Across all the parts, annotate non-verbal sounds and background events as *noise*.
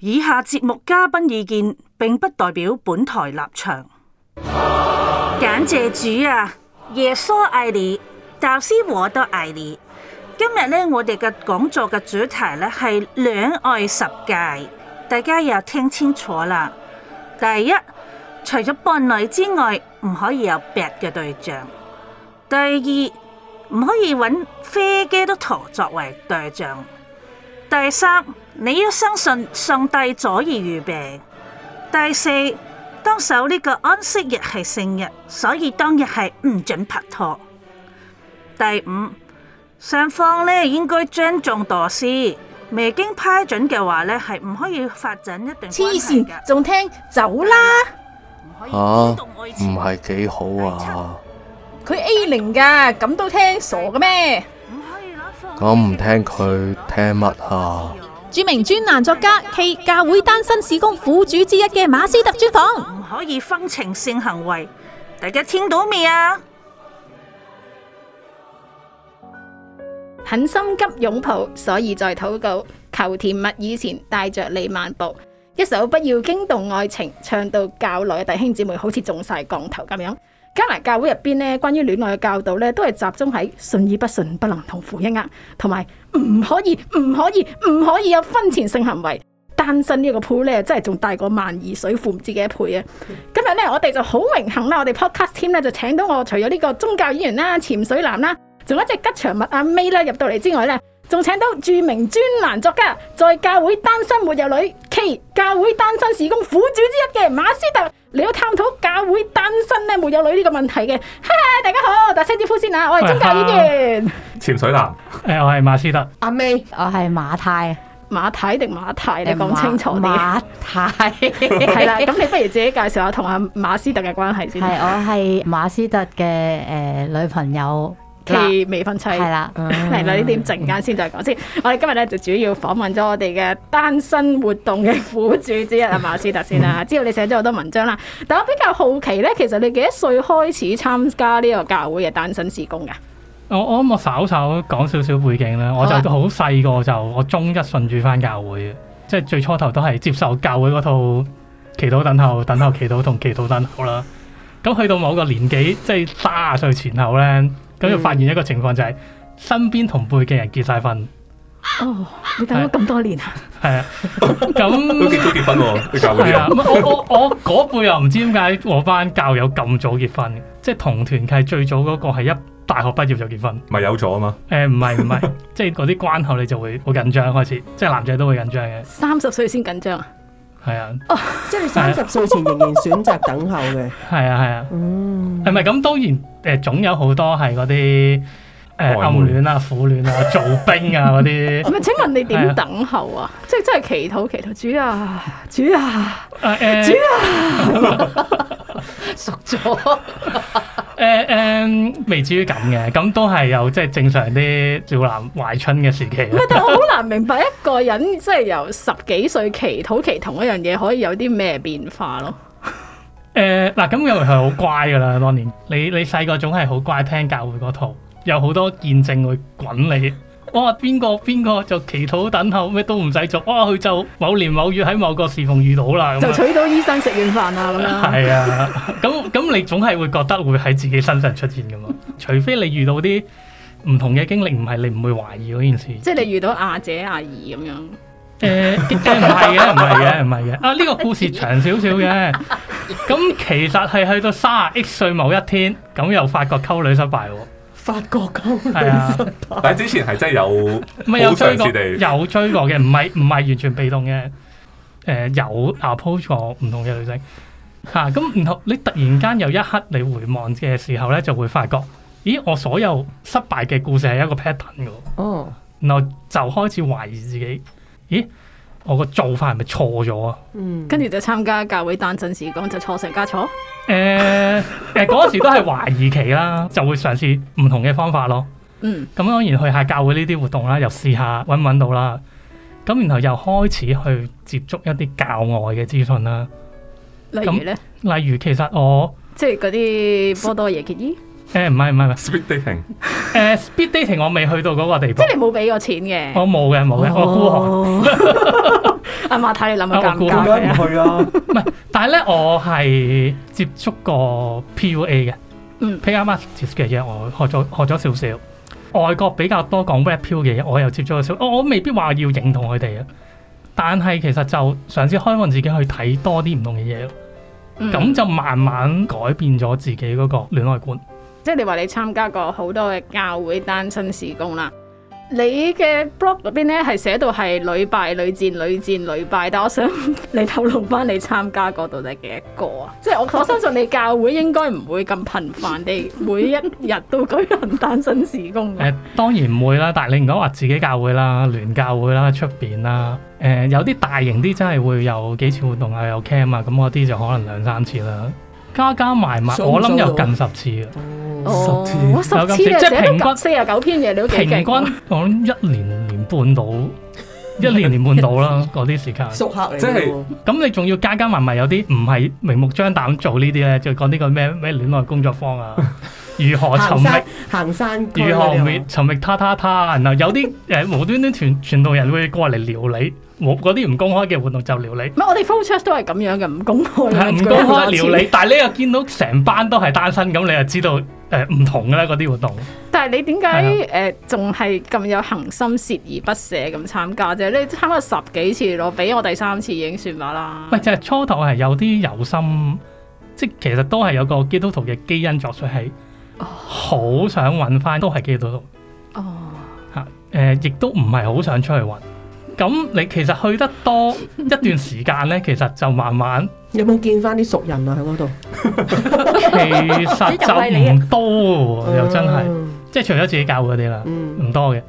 以下節目嘉賓意見，並不代表本台立場。感謝 *music* 主啊，耶穌愛你，教師我都愛你。今日呢，我哋嘅講座嘅主題呢係戀愛十誡，大家又聽清楚啦。第一，除咗伴侶之外，唔可以有別嘅對象。第二，唔可以揾非基督徒作為對象。第三。你要相信上帝早已預備。第四，當守呢個安息日係聖日，所以當日係唔准拍拖。第五，上方咧應該尊重導師，未經批准嘅話咧係唔可以發展一段關係。黐線，仲聽？走啦！吓、啊，唔係幾好啊！佢七 A 零㗎，咁都聽傻嘅咩？可以我唔聽佢聽乜啊？著名專欄作家、K. 教會單身事工苦主之一嘅馬斯特專訪，唔可以分情性行為，大家聽到未啊？很心急擁抱，所以在禱告求甜蜜。以前帶着你漫步，一首不要驚動愛情，唱到教內嘅弟兄姊妹好似中晒降頭咁樣。加拿大教會入邊咧，關於戀愛嘅教導咧，都係集中喺信與不信不能同負一軛，同埋唔可以唔可以唔可以有婚前性行為。單身呢個鋪咧，真係仲大過萬二水戶唔知幾多倍啊！今日咧，我哋就好榮幸啦，我哋 podcast team 咧就請到我，除咗呢個宗教演員啦、潛水男啦，仲有一隻吉祥物阿 May 啦入到嚟之外咧。仲請到著名專欄作家，在教會單身沒有女，k 教會單身事工苦主之一嘅馬斯特嚟到探討教會單身咧沒有女呢個問題嘅。嗨，大家好，我大車主夫先啊，我係宗教演員。潛、哎、水男，誒、哎，我係馬斯特。阿 May，、啊、我係馬太。馬太定馬太，馬你講清楚啲。馬太係啦，咁 *laughs* *laughs* *laughs* 你不如自己介紹下同阿馬斯特嘅關係先。係，我係馬斯特嘅誒、呃、女朋友。未婚妻，係啦，係啦，呢、嗯、 *laughs* 點陣間先再講先。嗯、我哋今日咧就主要訪問咗我哋嘅單身活動嘅苦主之一，係嘛、嗯，馬斯特先啦。知道你寫咗好多文章啦，但我比較好奇咧，其實你幾多歲開始參加呢個教會嘅單身事工㗎？我我諗稍稍講少少背景啦，啊、我就好細個就我中一順住返教會，即係最初頭都係接受教會嗰套祈禱等候、等候祈禱同祈禱等候啦。咁去到某個年紀，即係卅歲前後咧。咁要發現一個情況就係身邊同輩嘅人結晒婚。哦，你等咗咁多年啊？係啊，咁都 *laughs* 樣 *laughs* 結婚喎、啊，啲教你、啊、我我我嗰輩又唔知點解我班教友咁早結婚，即係同團契最早嗰個係一大學畢業就結婚，唔係有咗啊嘛？誒唔係唔係， *laughs* 即係嗰啲關口你就會好緊張，開始即係男仔都會緊張嘅。三十歲先緊張啊！係啊，哦， *laughs* 即係你三十歲前仍然選擇等候嘅？係啊係啊，嗯，係咪咁？當然，誒、呃，總有好多係嗰啲誒暗戀啊、苦戀啊、 *laughs* 做兵啊嗰啲。咁啊？ *laughs* 請問你點等候啊？ *laughs* 即係真係祈禱，祈禱主啊，主啊，主啊，熟咗。誒誒，uh, uh, 未至於咁嘅，咁都係有即係正常啲少男懷春嘅時期。但我好難明白一個人 *laughs* 即係由十幾歲祈禱期同一樣嘢可以有啲咩變化咯。誒、uh,，嗱， *laughs* 咁又係好乖噶啦，當年你你細個總係好乖，聽教會嗰套，有好多見證會滾你。我哇！邊個邊個就祈禱等候咩都唔使做，哇！佢就某年某月喺某個侍奉遇到啦，就娶到醫生食完飯啊咁啦。係 *laughs* 啊，咁咁你總係會覺得會喺自己身上出現噶嘛？除非你遇到啲唔同嘅經歷，唔係你唔會懷疑嗰件事。即係你遇到阿姐阿姨咁樣。誒、嗯，唔係嘅，唔係嘅，唔係嘅。笑95 啊，呢、嗯 *laughs* 啊這個故事長少少嘅。咁 *laughs* *laughs* 其實係去到卅 X 歲某一天，咁又發覺溝女失敗。發覺咁失啊。失敗，但係之前係真係有，係 *laughs* 有追過，有追過嘅，唔係唔係完全被動嘅，誒、呃、有 approach 過唔同嘅女性，吓、啊、咁，然後你突然間有一刻你回望嘅時候咧，就會發覺，咦，我所有失敗嘅故事係一個 pattern 嘅，哦，oh. 然後就開始懷疑自己，咦？我個做法係咪錯咗啊？嗯，跟住就參加教會單身事工就錯上加錯。誒誒，嗰時都係懷疑期啦，就會嘗試唔同嘅方法咯。嗯，咁當然去下教會呢啲活動啦，又試下搵唔搵到啦。咁然後又開始去接觸一啲教外嘅資訊啦。例如咧，例如其實我即係嗰啲波多野結衣。誒唔係唔係，speed dating，誒、uh, speed dating 我未去到嗰個地步，即係你冇俾過錢嘅、啊，我冇嘅冇嘅，我孤寒，阿馬太，你諗下，點解，我唔去啊，唔係， *laughs* 嗯、但係咧我係接觸過 PUA 嘅，p m s 嘅嘢、嗯、我學咗學咗少少，外國比較多講 rapu 嘅嘢，我又接觸少少，我我未必話要認同佢哋啊，但係其實就嘗試開放自己去睇多啲唔同嘅嘢咯，咁、嗯、就慢慢改變咗自己嗰個戀愛觀。即係你話你參加過好多嘅教會單身事工啦，你嘅 blog 入邊咧係寫到係屢敗屢戰、屢戰屢敗，但我想 *laughs* 你透露翻你參加嗰度係幾多個啊？ *laughs* 即係我我相信你教會應該唔會咁頻繁地每一日都舉行單身事工。誒、 *laughs* 呃，當然唔會啦。但係你唔講話自己教會啦、聯教會啦、出邊啦。誒、呃，有啲大型啲真係會有幾次活動啊，有 cam 啊，咁嗰啲就可能兩三次啦。加加埋埋，我諗有近十次啊、嗯次哦，十次、啊，十次即係平均，平均四十九篇嘢，你都平均我諗一年年半到。 *music* 一年年半到啦，嗰啲時間。熟客嚟咯。即係咁，你仲要加加埋埋有啲唔係明目張膽做呢啲咧，就講呢個咩咩戀愛工作坊啊？如何尋覓 *laughs* 行山？行山如何尋覓他，他他他？然後有啲誒 *laughs* 無端端傳傳道人會過嚟撩你，冇嗰啲唔公開嘅活動就撩你。唔係，我哋 focus 都係咁樣嘅，唔公開。唔公開撩你，但係你又見到成班都係單身，咁你又知道。誒唔、呃、同嘅咧嗰啲活動，但係你點解誒仲係咁有恒心、鍥而不捨咁參加啫？你參加十幾次咯，俾我第三次已經算話啦。喂、呃，就係、是、初頭係有啲有心，即其實都係有個基督徒嘅基因作出係好、oh. 想揾翻都係基督徒。哦，嚇誒，亦都唔係好想出去揾。咁你其實去得多一段時間咧， *laughs* 其實就慢慢。有冇見翻啲熟人啊？喺嗰度，其實就唔多又真係，嗯、即係除咗自己教嗰啲啦，唔、嗯、多嘅。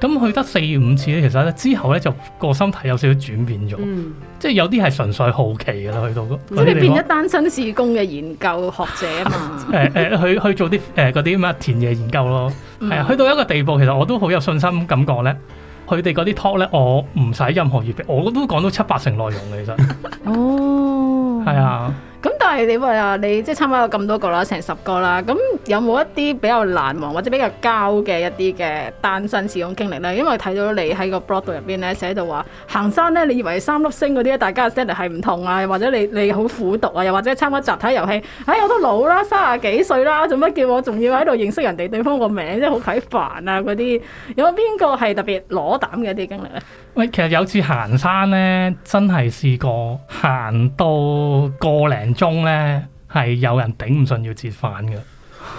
咁去得四五次咧，其實咧之後咧就個心態有少少轉變咗，嗯、即係有啲係純粹好奇噶啦，去到即係變咗單身事工嘅研究學者、嗯、啊嘛。誒誒，去去做啲誒嗰啲咩田野研究咯，係啊。去到一個地步，其實我都好有信心感覺咧。佢哋嗰啲 talk 咧，我唔使任何預備，我都講到七八成內容嘅，其實。 *laughs* 哦係啊，咁、 *noise* 嗯、但係你話啊，你即係參加咗咁多個啦，成十個啦，咁有冇一啲比較難忘或者比較交嘅一啲嘅單身事工經歷咧？因為睇到你喺個 blog 度入邊咧寫到話行山咧，你以為三粒星嗰啲大家 standard 係唔同啊，又或者你你好苦讀啊，又或者參加集體遊戲，哎，我都老啦，三十幾歲啦，做乜叫我仲要喺度認識人哋對方個名，即係好鬼煩啊！嗰啲有冇邊個係特別攞膽嘅一啲經歷咧？喂，其實有次行山咧，真係試過行到。個零鐘咧，係有人頂唔順要折返嘅。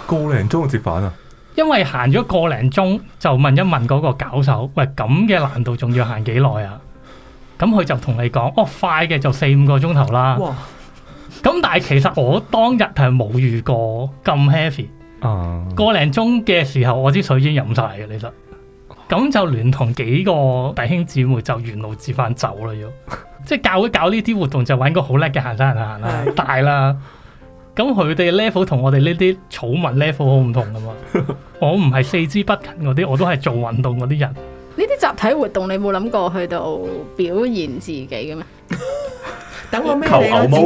個零鐘折返啊！因為行咗個零鐘就問一問嗰個搞手，喂，咁嘅難度仲要行幾耐啊？咁佢就同你講，哦，快嘅就四五個鐘頭啦。哇！咁但係其實我當日係冇遇過咁 heavy。哦。個零鐘嘅時候，我啲水已經飲晒嘅，其實。咁就聯同幾個弟兄姊妹就沿路自翻走啦，要 *laughs* 即係教會搞呢啲活動就揾個好叻嘅行山人行、啊、啦， *laughs* 大啦。咁佢哋 level, 我 level 同我哋呢啲草民 level 好唔同噶嘛？ *laughs* 我唔係四肢不勤嗰啲，我都係做運動嗰啲人。呢啲集體活動你冇諗過去到表現自己嘅咩？ *laughs* 等我咩你啊？姐妹，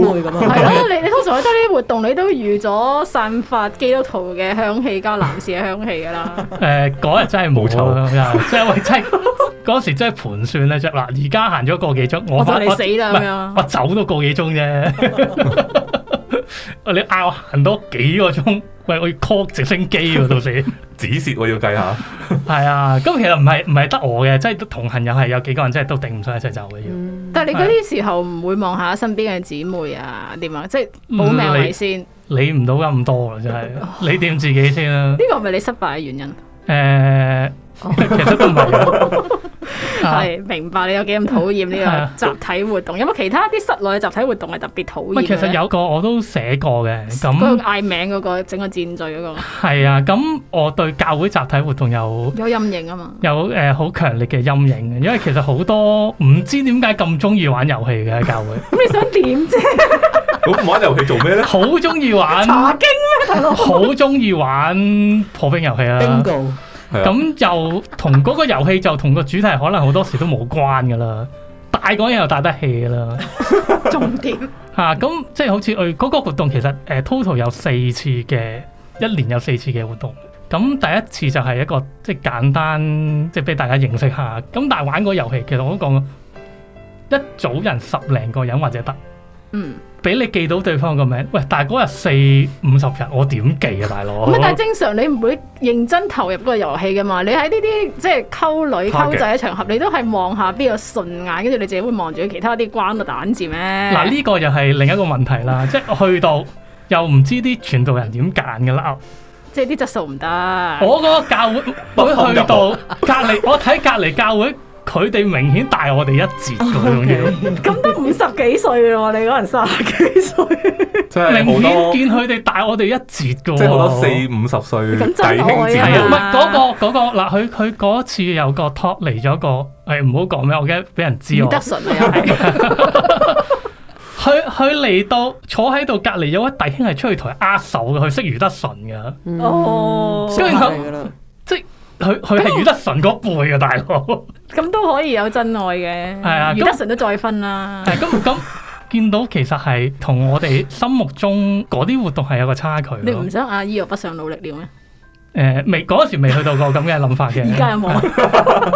係啊！ *laughs* 你你通常覺得啲活動，你都預咗散發基督徒嘅香氣加男士嘅香氣噶啦。誒、 *laughs* 呃，嗰日真係冇錯啦，即係喂， *laughs* 真係嗰時真係盤算咧，即嗱，而家行咗個幾鐘， *laughs* 我就你死我 *laughs* 我走都個幾鐘啫。 *laughs* *laughs* *laughs* 你嗌我行多幾個鐘，喂，我要 call 直升機喎，啊，到時，紙錢 *laughs* 我要計下， *laughs* 係啊，咁其實唔係唔係得我嘅，即係同行又係有幾個人，真係都頂唔晒，一齊走嘅要。但係你嗰啲時候唔會望下身邊嘅姊妹啊，點啊，即係冇命你先，理唔到咁多啊，真、就、係、是，理掂， *laughs* 哦，自己先啦，啊。呢個係咪你失敗嘅原因？誒， *laughs* 其實都唔係。 *laughs* 係明白你有幾咁討厭呢個集體活動？有冇其他啲室內嘅集體活動係特別討厭？唔係，其實有個我都寫過嘅，咁嗌名嗰個整個戰序嗰個。係啊，咁我對教會集體活動有有陰影啊嘛。有誒，好強烈嘅陰影，因為其實好多唔知點解咁中意玩遊戲嘅喺教會。咁你想點啫？咁玩遊戲做咩咧？好中意玩。查經咩？好中意玩破冰遊戲啊。咁就同嗰個遊戲就同個主題可能好多時都冇關噶啦，大個人又帶得 hea 啦。 *laughs* 重點吓，咁、啊、即係好似佢嗰個活動，其實誒 total、呃、有四次嘅，一年有四次嘅活動。咁第一次就係一個即係簡單，即係俾大家認識下。咁但係玩個遊戲，其實我都講，一組人十零個人或者得。嗯。俾你記到對方個名，喂！但係嗰日四五十人，我點記啊，大佬？唔係，但係正常你唔會認真投入個遊戲嘅嘛。你喺呢啲即係溝女溝仔嘅場合，你都係望下邊個順眼，跟住你自己會望住其他啲關個蛋字咩？嗱，呢、呢個又係另一個問題啦， *laughs* 即係去到又唔知啲傳道人點揀嘅啦，即係啲質素唔得。我嗰個教會 *laughs* 會去到 *laughs* 隔離，我睇隔離教會。 *laughs* 佢哋明顯大我哋一截，咁種嘢，咁都五十幾歲啦喎！你嗰陣卅幾歲，明顯見佢哋大我哋一截嘅喎，即係好多四五十歲弟兄仔啊！唔係嗰個嗰、嗰個嗱，佢佢嗰次有個 talk 嚟咗個誒，唔好講咩，我驚俾人知喎。余德順又係，佢佢嚟到坐喺度隔離，有位弟兄係出去同佢握手嘅，佢識余德順嘅。哦，所以佢。嗯佢佢係余德純嗰輩啊，大佬，咁都可以有真愛嘅。係啊，余德純都再婚啦、啊。係咁咁，見到其實係同我哋心目中嗰啲活動係有個差距 *laughs* 你唔想阿姨又不想努力了咩？.誒，未嗰、呃、時未去到過咁嘅諗法嘅。而家有冇？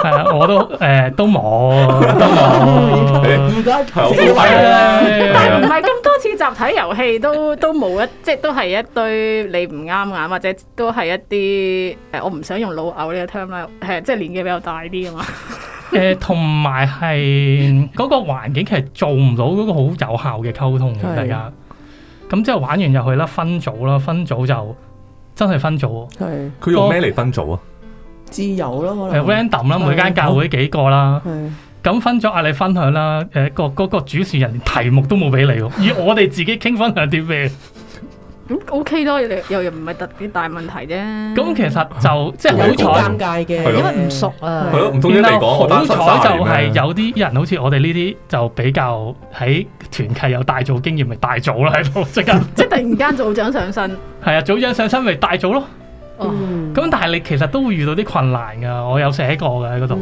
係啊， *laughs* 啊，我都誒都冇，都冇。但係唔係咁多次集體遊戲都都冇一，即係都係一堆你唔啱眼，或者都係一啲誒，我唔想用老牛呢個 term 啦，係即係年紀比較大啲啊嘛。誒，同埋係嗰個環境其實做唔到嗰個好有效嘅溝通的大家。咁之後玩完入去啦，分組啦，分組就。真係分組，佢的用咩嚟分組那啊？自由咯，可能 random 啦，每間教會幾個啦。咁的分咗啊，分組啊你分享啦。誒，各各主持人連題目都冇俾你，以我哋自己傾分享啲咩？ *laughs* 咁 OK 多，又又唔係特別大問題啫。咁其實就即係好尷尬嘅，吧因為唔熟啊。係咯，唔同啲人講，好彩就係有啲人，好似我哋呢啲就比較喺團契有大組經驗，咪大組啦，喺度即刻。 *laughs* 即係突然間組長上身。係啊，組長上身咪大組咯。咁但係你其實都會遇到啲困難噶，我有寫過嘅喺嗰度。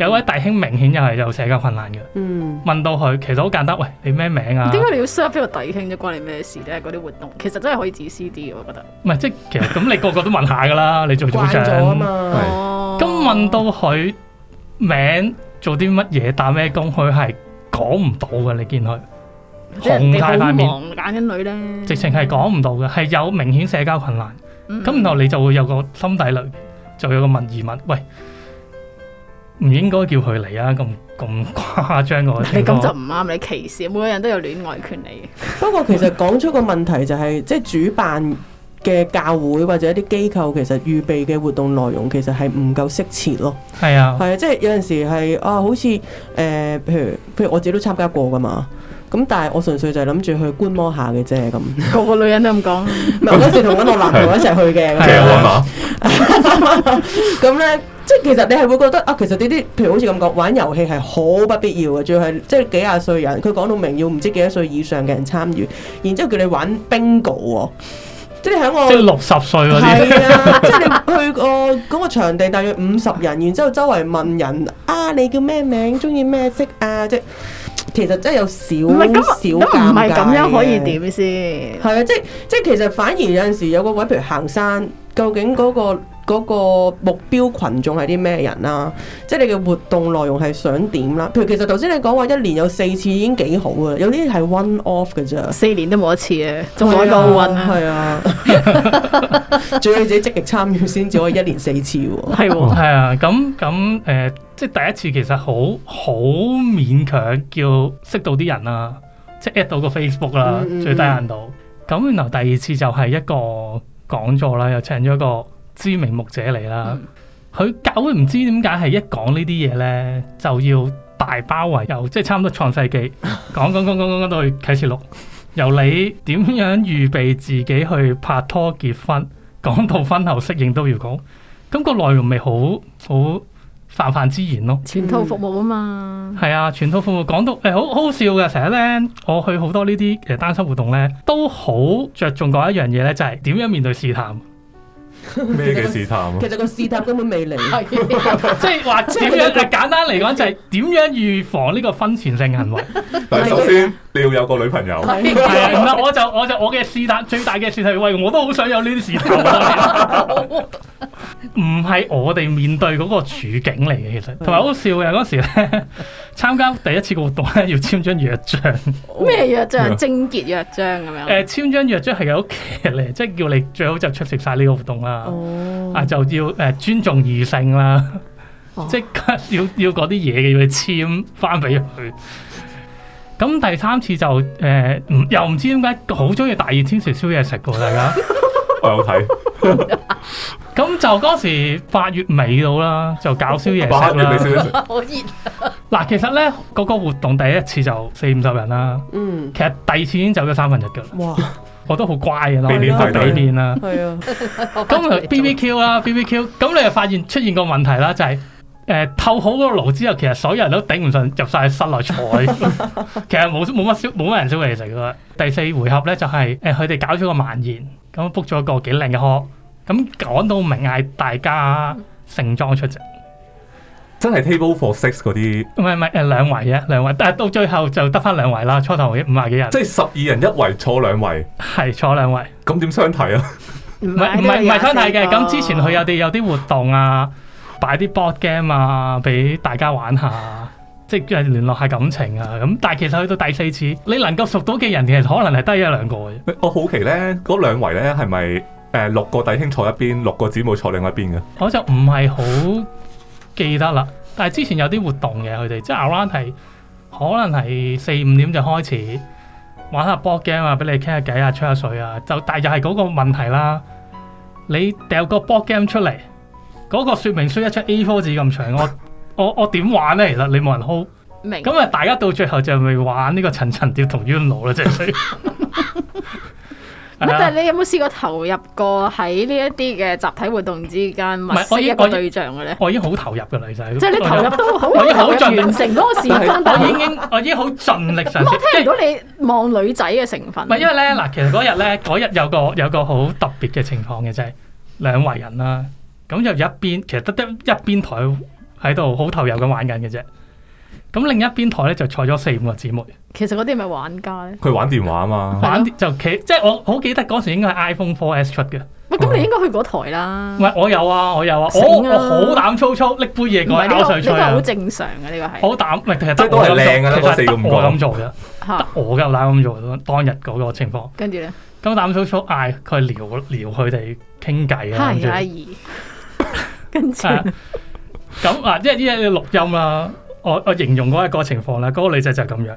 有位弟兄明顯又係有社交困難嘅。嗯，問到佢其實好簡單，喂，你咩名啊？點解你要 serve 呢個弟兄啫？關你咩事咧？嗰啲活動其實真係可以自私啲，我覺得。唔係，即係其實咁，你個個都問下噶啦，你做組長。問嘛。咁問到佢名，做啲乜嘢，打咩工，佢係講唔到嘅。你見佢紅太塊面，眼睛女咧，直情係講唔到嘅，係有明顯社交困難。咁、嗯、然後你就會有個心底裡，就有個問疑問，喂，唔應該叫佢嚟啊？咁咁誇張嘅，你咁就唔啱，你歧視，每個人都有戀愛權利。 *laughs* 不過其實講出個問題就係、是，即係主辦嘅教會或者一啲機構其實預備嘅活動內容其實係唔夠適切咯。係啊，係啊，即係有陣時係啊，好似誒、呃，譬如譬如我自己都參加過噶嘛。咁但係我純粹就係諗住去觀摩下嘅啫。咁，個個女人都咁講，嗱，嗰時同我個男朋友一齊去嘅，咁咧、 *laughs* *laughs* 嗯嗯、即係其實你係會覺得啊，其實呢啲譬如好似咁講，玩遊戲係好不必要嘅，仲要係即係幾廿歲人，佢講到明要唔知幾多歲以上嘅人參與，然之後叫你玩 bingo，即係喺我即係六十歲嗰啲，即係你去個嗰個場地大約五十人，然之後周圍問人啊，你叫咩名，中意咩色啊即其實真係有少少唔係咁樣 *noise* 可以點先係啊！即係即係，其實反而有陣時有個位，譬如行山，究竟嗰個嗰個目標群眾係啲咩人啊？即係你嘅活動內容係想點啦、啊？譬如其實頭先你講話一年有四次已經幾好嘅，有啲係 one off 嘅咋，四年都冇一次嘅，仲係、哎、呀一個係啊，仲要、啊啊、 *laughs* 自己積極參與先至可以一年四次喎。係喎，係啊。咁咁誒，即係第一次其實好好勉強，叫識到啲人啦，即係 at 到個 Facebook 啦，嗯嗯最低限度。咁然後第二次就係一個講座啦，又請咗一個。知名目者嚟啦，佢教會唔知點解係一講呢啲嘢咧就要大包圍，又即係差唔多創世紀講講講講講到啟示錄，嗯、由你點樣預備自己去拍拖結婚，講到婚後適應都要講，咁、那個內容咪好好泛泛之言咯，全套服務啊嘛，係、嗯、啊，全套服務講到誒、欸、好好笑嘅，成日咧我去好多呢啲誒單身活動咧，都好着重講一樣嘢咧，就係、是、點樣面對試探。咩嘅試探啊？其實個試探，探根本未嚟，即係話點樣，就簡單嚟講，就係點樣預防呢個婚前性行為。 *laughs* 但係首先你要有個女朋友，係啊，唔係我就我就我嘅試探最大嘅試探，喂，我都好想有呢啲試探。唔係我哋面對嗰個處境嚟嘅，其實同埋好笑嘅嗰時咧，參加第一次嘅活動咧，要簽張約章，咩約章？貞潔約章咁樣。誒、啊，簽張約章係屋企嚟，即係叫你最好就出席晒呢個活動啦。哦、啊，就要誒尊重異性啦，哦、即刻要要嗰啲嘢嘅要你簽翻俾佢。咁第三次就誒、呃，又唔知點解好中意大熱天時燒嘢食噶，大家 *laughs* 我有睇。 *laughs* 咁 *laughs* 就嗰時八月尾到啦，就搞燒嘢食啦，好熱。嗱，其實咧嗰、嗰個活動第一次就四五十人啦，嗯，其實第二次已經走咗三分一嘅啦。哇，我都好乖啊，俾面就俾面啦。係啊，咁 BBQ 啦，BBQ，咁你又發現出現個問題啦，就是，就係誒透好嗰個爐之後，其實所有人都頂唔順入曬室內坐。 *laughs* 其實冇冇乜燒冇乜人燒嘢食嘅。第四回合咧就係誒佢哋搞咗個蔓延，咁 book 咗個幾靚嘅殼。咁、嗯、講到明係大家盛裝出席，真係 table for six 嗰啲，唔係唔係誒兩圍嘅，兩圍，但係到最後就得翻兩圍啦。初頭五廿幾人，即係十二人一圍坐兩圍，係 *laughs* 坐兩圍。咁點相睇啊？唔係唔係唔係相睇嘅。咁之前佢有啲有啲活動啊，擺啲 board game 啊，俾大家玩下，即係聯絡下感情啊。咁但係其實去到第四次，你能夠熟到嘅人其實可能係得一兩個嘅。我好奇咧，嗰兩圍咧係咪？是誒，六個弟兄坐一邊，六個姊妹坐另外一邊嘅。我就唔係好記得啦，但係之前有啲活動嘅佢哋，即係 around 係可能係四五點就開始玩下 board game 啊，俾你傾下偈啊，吹下水啊。就但係又係嗰個問題啦，你掉個 board game 出嚟，嗰、嗰個說明書一出 A4 紙咁長，我 *laughs* 我我點玩咧？其實你冇人 hold 明白，咁啊，大家到最後就係玩呢個層層疊同 Uno 啦，即係。乜唔係，但你有冇試過投入過喺呢一啲嘅集體活動之間物色一個對象嘅咧？我已經好投入嘅女仔，即係你投入到好，好完成嗰個時間。我已經，我已經好 *laughs* 盡力想。我聽唔到你望女仔嘅成分。唔係，因為咧嗱，其實嗰日咧，嗰日有個有個好特別嘅情況嘅就啫，兩圍人啦、啊，咁就一邊，其實得得一邊台喺度好投入咁玩緊嘅啫。咁另一邊台咧就坐咗四五個姊妹。其實嗰啲咪玩家咧？佢玩電話啊嘛，玩就企，即係我好記得嗰時應該係 iPhone Four S 出嘅。喂，咁你應該去嗰台啦。喂，我有啊，我有啊，我我好膽粗粗拎杯嘢過嚟，打上去啊。呢個好正常嘅，呢個係。好膽，唔係即係都係靚啊！其實得我咁做啫，得我夠膽咁做當日嗰個情況。跟住咧，咁膽粗粗嗌佢撩撩佢哋傾偈啊，跟住。咁啊，即係呢啲錄音啦。我我形容嗰一個情況咧，嗰、那個女仔就咁樣，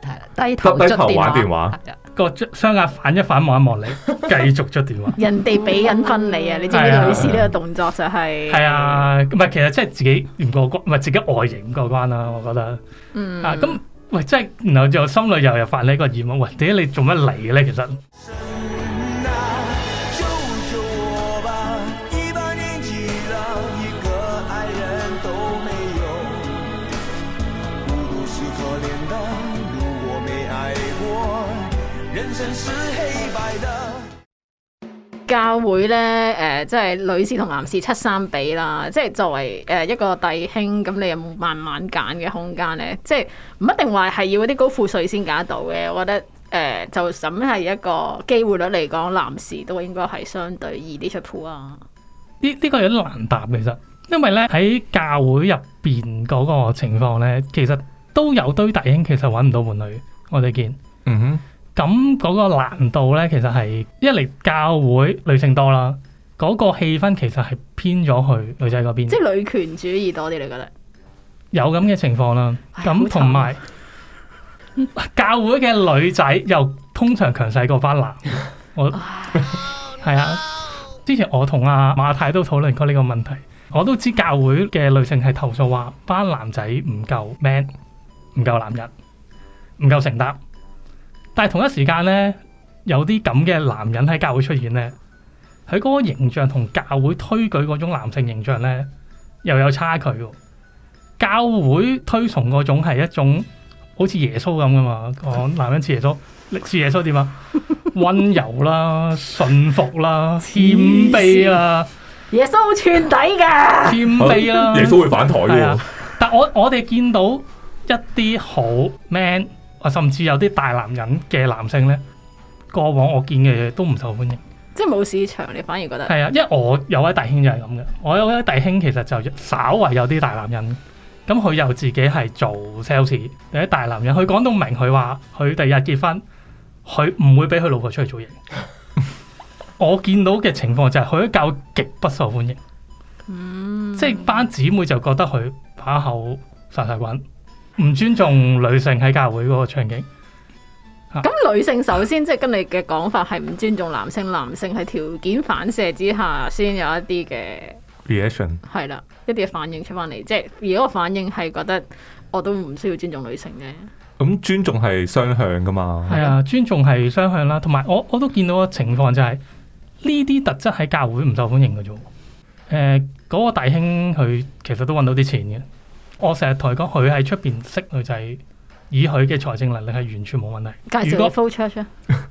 係低，低頭玩電話，個雙眼反一反望一望你，繼 *laughs* 續做電話。人哋俾緊分你啊！你知唔知女士呢個動作就係、是？係啊、哎，唔、哎、係其實即係自己唔過關，唔係自己外形唔過關啦。我覺得，嗯啊，咁、嗯、喂，即係然後就心裏又又發呢一個疑問：，喂，點解你做乜嚟嘅咧？其實。教會咧，誒、呃，即係女士同男士七三比啦。即係作為誒一個弟兄，咁你有冇慢慢揀嘅空間咧？即係唔一定話係要啲高富帥先揀到嘅。我覺得誒、呃，就算係一個機會率嚟講，男士都應該係相對易啲出蒲啊。呢呢個有難答其實，因為咧喺教會入邊嗰個情況咧，其實都有堆弟兄其實揾唔到伴侶。我哋見，嗯哼。咁嗰個難度咧，其實係一嚟教會女性多啦，嗰個氣氛其實係偏咗去女仔嗰邊，即係女權主義多啲，你覺得有咁嘅情況啦。咁同埋教會嘅女仔又通常強勢過班男，我係啊。之前我同阿馬太都討論過呢個問題，我都知教會嘅女性係投訴話班男仔唔夠 man，唔夠男人，唔夠承擔。但係同一時間咧，有啲咁嘅男人喺教會出現咧，佢嗰個形象同教會推舉嗰種男性形象咧，又有差距嘅。教會推崇嗰種係一種好似耶穌咁噶嘛，講、那個、男人似耶穌，歷史 *laughs* 耶穌點啊？温柔啦，順服啦，謙卑、啊、啦。耶穌好串底噶，謙卑啦，耶穌會反台嘅。但我我哋見到一啲好 man。啊，甚至有啲大男人嘅男性咧，過往我見嘅嘢都唔受歡迎，即係冇市場。你反而覺得？係啊，因為我有位弟兄就係咁嘅，我有位弟兄其實就稍為有啲大男人，咁佢又自己係做 sales，又係大男人。佢講到明，佢話佢第日結婚，佢唔會俾佢老婆出去做嘢。 *laughs* 我見到嘅情況就係佢一教極不受歡迎，嗯、即係班姊妹就覺得佢把口細細滾。唔尊重女性喺教會嗰個場景。咁女性首先即係跟你嘅講法係唔尊重男性，男性係條件反射之下先有一啲嘅 reaction，係啦，一啲反應出翻嚟。即係如果個反應係覺得我都唔需要尊重女性嘅。咁尊重係雙向噶嘛？係啊，尊重係雙向啦。同埋我我都見到個情況就係呢啲特質喺教會唔受歡迎嘅啫。誒、呃，嗰、嗰個大兄佢其實都搵到啲錢嘅。我成日同佢講佢喺出邊識女仔，以佢嘅財政能力係完全冇問題。介紹個 research 啊，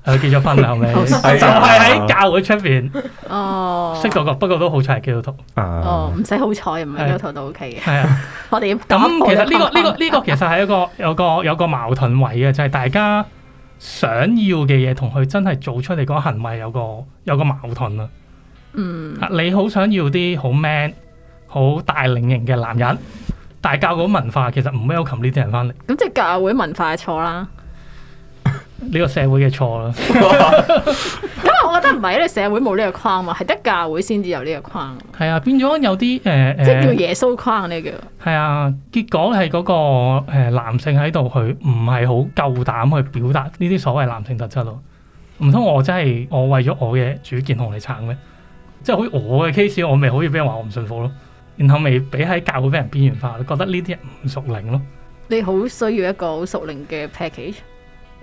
係結咗婚啦，後屘就係喺教會出邊哦，識咗個，不過都好彩係基督徒哦，唔使好彩唔係基督徒都 OK 嘅。係啊，我哋咁其實呢個呢個呢個其實係一個有個有個矛盾位嘅，就係大家想要嘅嘢同佢真係做出嚟嗰個行為有個有個矛盾啊。嗯，你好想要啲好 man 好大領型嘅男人。大教，教會文化其實唔 welcome 呢啲人翻嚟，咁即係教會文化嘅錯啦，呢個社會嘅錯啦。咁我覺得唔係咧，社會冇呢個框啊，係得教會先至有呢個框。係啊，變咗有啲誒，呃、即係叫耶穌框呢，叫。係啊，結果係嗰個男性喺度，佢唔係好夠膽去表達呢啲所謂男性特質咯。唔通我真係我為咗我嘅主見同你撐咩？即係好似我嘅 case，我咪可以俾人話我唔信服咯？然後未俾喺教會俾人邊緣化，覺得呢啲人唔屬靈咯。你好需要一個好屬靈嘅 package。誒、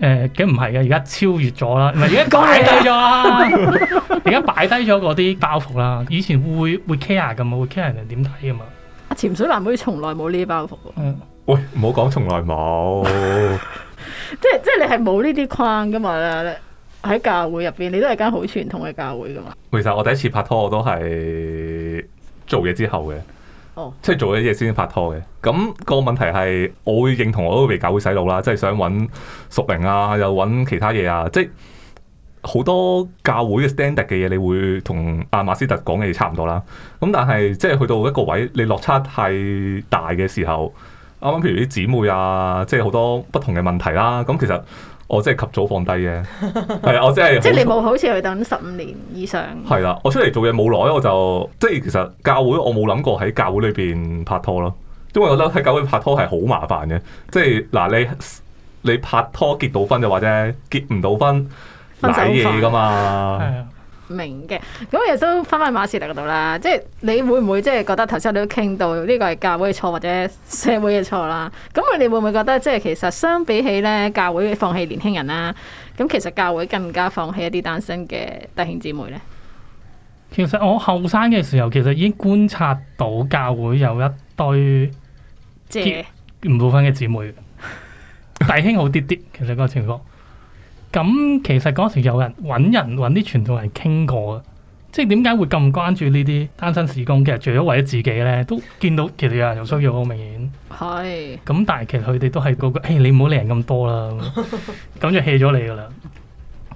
呃，咁唔係嘅，而家超越咗啦，唔係而家擺低咗啦，而家擺低咗嗰啲包袱啦。以前會會 care 噶嘛，會 care 人哋點睇噶嘛。阿潛水男妹從來冇呢啲包袱。喂，唔好講從來冇。即係即係你係冇呢啲框噶嘛咧？喺教會入邊，你都係間好傳統嘅教會噶嘛？其實我第一次拍拖我都係。做嘢之後嘅，oh. 即係做咗嘢先拍拖嘅。咁個問題係，我會認同我都被教會洗腦啦，即係想揾熟人啊，又揾其他嘢啊。即係好多教會嘅 standard 嘅嘢，你會同阿馬斯特講嘅嘢差唔多啦。咁但係即係去到一個位，你落差太大嘅時候，啱啱譬如啲姊妹啊，即係好多不同嘅問題啦。咁其實。我即係及早放低嘅，係啊！ *laughs* 我即係即係你冇好似去等十五年以上。係啦， *laughs* 我出嚟做嘢冇耐，我就即係其實教會我冇諗過喺教會裏邊拍拖咯，因為我覺得喺教會拍拖係好麻煩嘅，即係嗱你你，拍拖結到婚就話啫，結唔到婚瀨嘢噶嘛。 *laughs* 明嘅，咁亦都翻翻馬斯特嗰度啦。即係你會唔會即係覺得頭先你都傾到呢個係教會嘅錯或者社會嘅錯啦？咁你會唔會覺得，會會會會覺得即係其實相比起咧，教會放棄年輕人啦，咁其實教會更加放棄一啲單身嘅弟兄姊妹咧？其實我後生嘅時候，其實已經觀察到教會有一堆即姐結唔好分嘅姊妹， *laughs* 弟兄好啲啲，其實個情況。咁其實嗰時有人揾人揾啲傳統人傾過嘅，即係點解會咁關注呢啲單身事工？其實除咗為咗自己咧，都見到其實有人有需要好明顯係。咁是但係其實佢哋都係嗰、嗰個，誒、哎、你唔好理人咁多啦，咁 *laughs* 就棄咗你噶啦。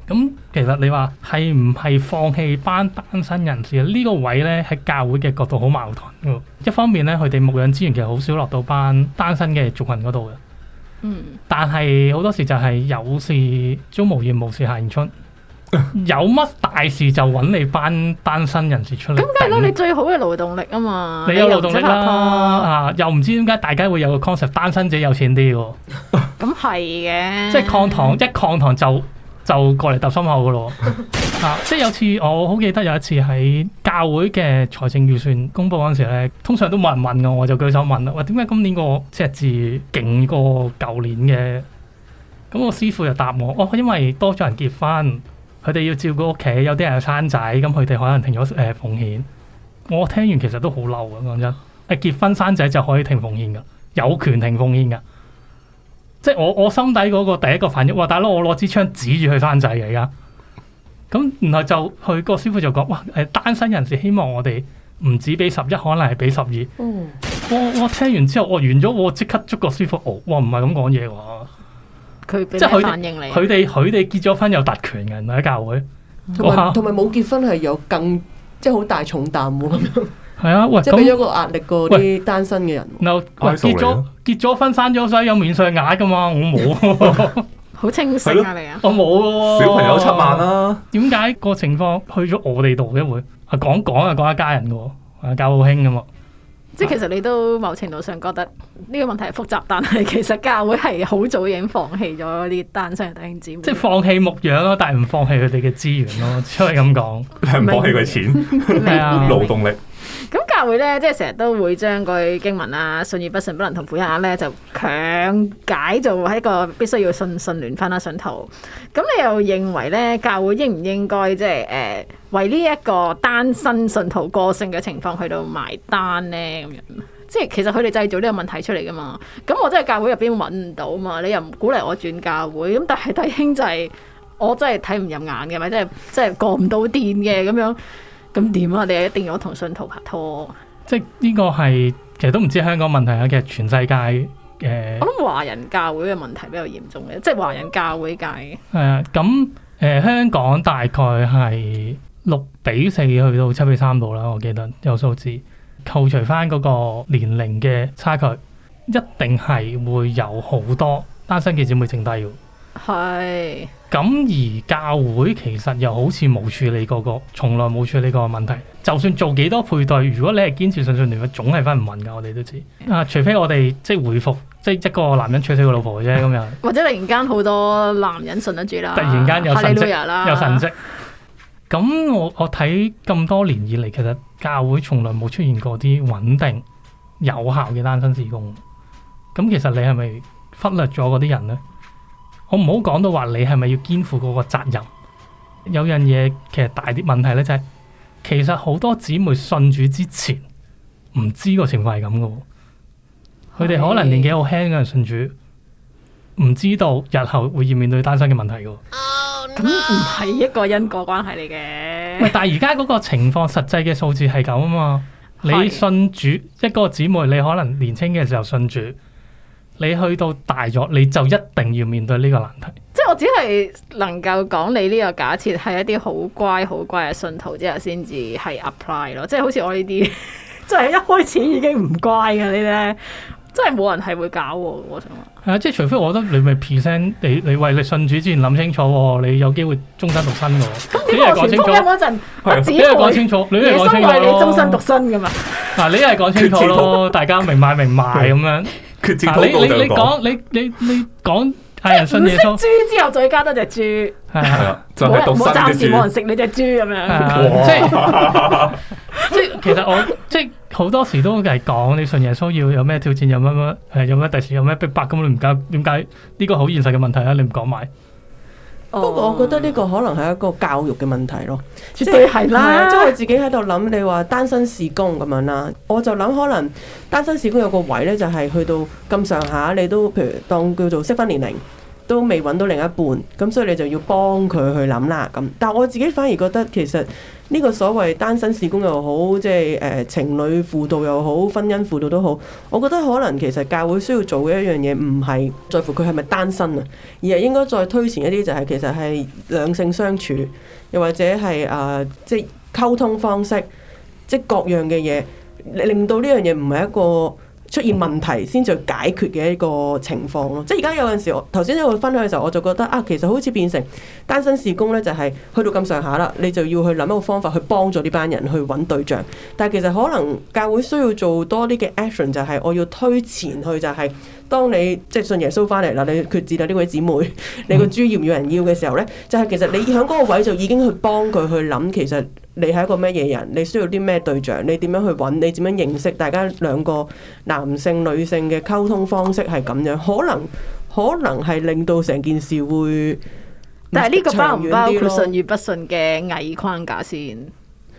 咁、嗯、其實你話係唔係放棄班單身人士？呢、呢個位咧喺教會嘅角度好矛盾噶。一方面咧，佢哋牧養資源其實好少落到班單身嘅族群嗰度嘅。嗯，但係好多時就係有事鍾無艷，無事夏迎春，有乜大事就搵你班單身人士出嚟。咁梗係啦，你最好嘅勞動力啊嘛，你有勞動力啦，又啊又唔知點解大家會有個 concept 單身者有錢啲喎。咁係嘅。嗯、即係抗糖，一抗糖就。就過嚟搭心口嘅咯，啊！即係有次我好記得有一次喺教會嘅財政預算公佈嗰陣時咧，通常都冇人問我，我就舉手問啦：喂，點解今年個赤字勁過舊年嘅？咁、嗯、我師傅就答我：哦、啊，因為多咗人結婚，佢哋要照顧屋企，有啲人有生仔，咁佢哋可能停咗誒、呃、奉獻。我聽完其實都好嬲啊！講真，誒結婚生仔就可以停奉獻嘅，有權停奉獻嘅。即係我我心底嗰個第一個反應，哇，大佬我攞支槍指住佢生仔嘅。」而家咁然後就佢個師傅就講，哇，誒單身人士希望我哋唔止俾十一，可能係俾十二。我我、嗯、聽完之後，完我完咗我即刻捉個師傅，哇唔係咁講嘢噶。佢即係佢反應嚟。佢哋佢哋結咗婚有特權噶，唔係喺教會。同埋冇結婚係有更即係好大重擔喎咁樣。 *laughs* 係啊，即俾咗個壓力過啲單身嘅人。嗱，結咗結咗婚生咗所有免稅額噶嘛？我冇，好清醒嚟啊！我冇，小朋友七萬啦。點解個情況去咗我哋度嘅會？啊，講講啊，講一家人嘅，教好興噶嘛。即係其實你都某程度上覺得呢個問題係複雜，但係其實教會係好早已經放棄咗啲單身嘅弟兄姊妹。即係放棄牧養咯，但係唔放棄佢哋嘅資源咯，只係咁講。你唔放棄佢錢，勞動力。咁教會咧，即係成日都會將佢經文啊，信與不信不能同負一軛咧，就強解做一個必須要信信聯翻啦，信徒。咁你又認為咧，教會應唔應該即係誒為呢一個單身信徒個性嘅情況去到埋單咧？咁樣，即係其實佢哋製造呢個問題出嚟噶嘛。咁我真係教會入邊揾唔到嘛，你又唔鼓勵我轉教會，咁但係弟兄就係我真係睇唔入眼嘅，咪即係即係過唔到電嘅咁樣。咁點啊？你係一定要同信徒拍拖？即係呢個係其實都唔知香港問題啊，其實全世界誒，呃、我諗華人教會嘅問題比較嚴重嘅，即係華人教會界。係啊，咁誒、呃、香港大概係六比四去到七比三度啦，我記得有數字扣除翻嗰個年齡嘅差距，一定係會有好多單身嘅姊妹剩低嘅。係。咁而教會其實又好似冇處理過個，個，從來冇處理個，個問題。就算做幾多配對，如果你係堅持信信戀，佢總係分唔勻噶。我哋都知啊，除非我哋即係回復，即係一個男人娶死個老婆啫咁樣，或者突然間好多男人信得住啦，突然間有神有神蹟。咁我我睇咁多年以嚟，其實教會從來冇出現過啲穩定、有效嘅單身事工。咁其實你係咪忽略咗嗰啲人呢？我唔好講到話你係咪要肩負嗰個責任？有樣嘢其實大啲問題咧，就是，就係其實好多姊妹信主之前唔知個情況係咁嘅，佢哋可能年紀好輕嘅人信主，唔知道日後會要面對單身嘅問題嘅。咁唔係一個因果關係嚟嘅。喂，但係而家嗰個情況，實際嘅數字係咁啊嘛？你信主一、oh, no! 個姊妹，你可能年輕嘅時候信主。你去到大咗，你就一定要面對呢個難題。即係我只係能夠講，你呢個假設係一啲好乖、好乖嘅信徒之後，先至係 apply 咯。即係好似我呢啲，即係一開始已經唔乖嘅你呢。真係冇人係會搞我，我想話係啊！即係除非我覺得你咪 present 你，你，喂，你信主之前諗清楚，你有機會終身獨身㗎。咁你喺結婚嗰陣，因為講清楚，你因為講清楚，你終身獨身㗎嘛。嗱，你一係講清楚咯， *laughs* 嗯、楚 *laughs* 大家明買明賣咁樣。你你你講，你你你講。你你你信耶穌，食豬之後再加多隻豬，係啊，人就係暫時冇人食你隻豬咁樣。即係，即係，其實我 *laughs* 即係好多時都係講你信耶穌要有咩挑戰，有乜乜，係有乜第時，有咩逼迫，咁你唔介，點解呢個好現實嘅問題啊？你唔講埋。不過我覺得呢個可能係一個教育嘅問題咯，即係啦，即係我自己喺度諗，你話單身事工咁樣啦，我就諗可能單身事工有個位呢，就係去到咁上下，你都譬如當叫做適婚年齡，都未揾到另一半，咁所以你就要幫佢去諗啦，咁，但係我自己反而覺得其實。呢個所謂單身事工又好，即係誒情侶輔導又好，婚姻輔導都好，我覺得可能其實教會需要做嘅一樣嘢，唔係在乎佢係咪單身啊，而係應該再推前一啲，就係其實係兩性相處，又或者係啊、呃，即係溝通方式，即係各樣嘅嘢，令到呢樣嘢唔係一個。出現問題先至解決嘅一個情況咯，即係而家有陣時，頭先我分享嘅時候，我就覺得啊，其實好似變成單身事工咧，就係、是、去到咁上下啦，你就要去諗一個方法去幫助呢班人去揾對象。但係其實可能教會需要做多啲嘅 action，就係我要推前去，就係、是、當你即係信耶穌翻嚟嗱，你決志啦呢位姊妹，你個豬要唔要人要嘅時候咧，就係、是、其實你喺嗰個位就已經去幫佢去諗，其實。你係一個乜嘢人？你需要啲咩對象？你點樣去揾？你點樣認識？大家兩個男性女性嘅溝通方式係咁樣，可能可能係令到成件事會。但係呢個包唔包括信與不信嘅偽框架先？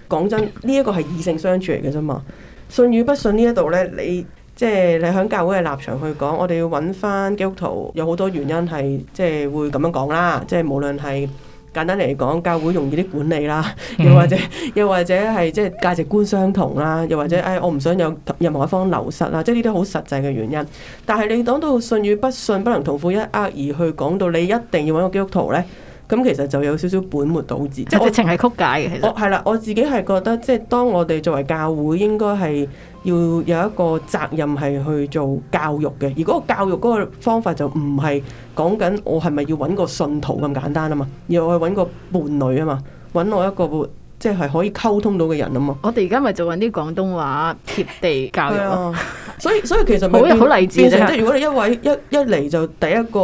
講真，呢一個係異性相處嚟嘅啫嘛。信與不信呢一度呢，你即係你喺教會嘅立場去講，我哋要揾翻基督徒有好多原因係即係會咁樣講啦。即係無論係。簡單嚟講，教會容易啲管理啦，又或者又或者係即係價值觀相同啦，又或者誒我唔想有任何一方流失啦，即係呢啲好實際嘅原因。但係你講到信與不信不能同負一軛，而去講到你一定要搵個基督徒咧，咁其實就有少少本末倒置，即係直情係曲解嘅。我係啦，我自己係覺得即係、就是、當我哋作為教會應該係。要有一個責任係去做教育嘅，而嗰個教育嗰個方法就唔係講緊我係咪要揾個信徒咁簡單啊嘛，要我揾個伴侶啊嘛，揾我一個即係可以溝通到嘅人啊嘛。我哋而家咪做揾啲廣東話貼地教育咯、啊。所以所以其實咪好勵志， *laughs* 志變成即係如果你一位一一嚟就第一個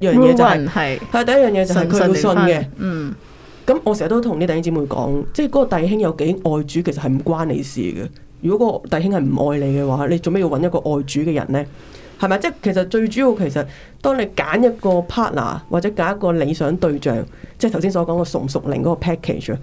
樣嘢就係，路人係係第一樣嘢就係佢信嘅。嗯，咁我成日都同啲弟兄姐妹講，即係嗰個弟兄有幾愛主，其實係唔關你事嘅。如果個弟兄係唔愛你嘅話，你做咩要揾一個愛主嘅人呢？係咪？即係其實最主要其實，當你揀一個 partner 或者揀一個理想對象，即係頭先所講個屬唔屬靈嗰個 package。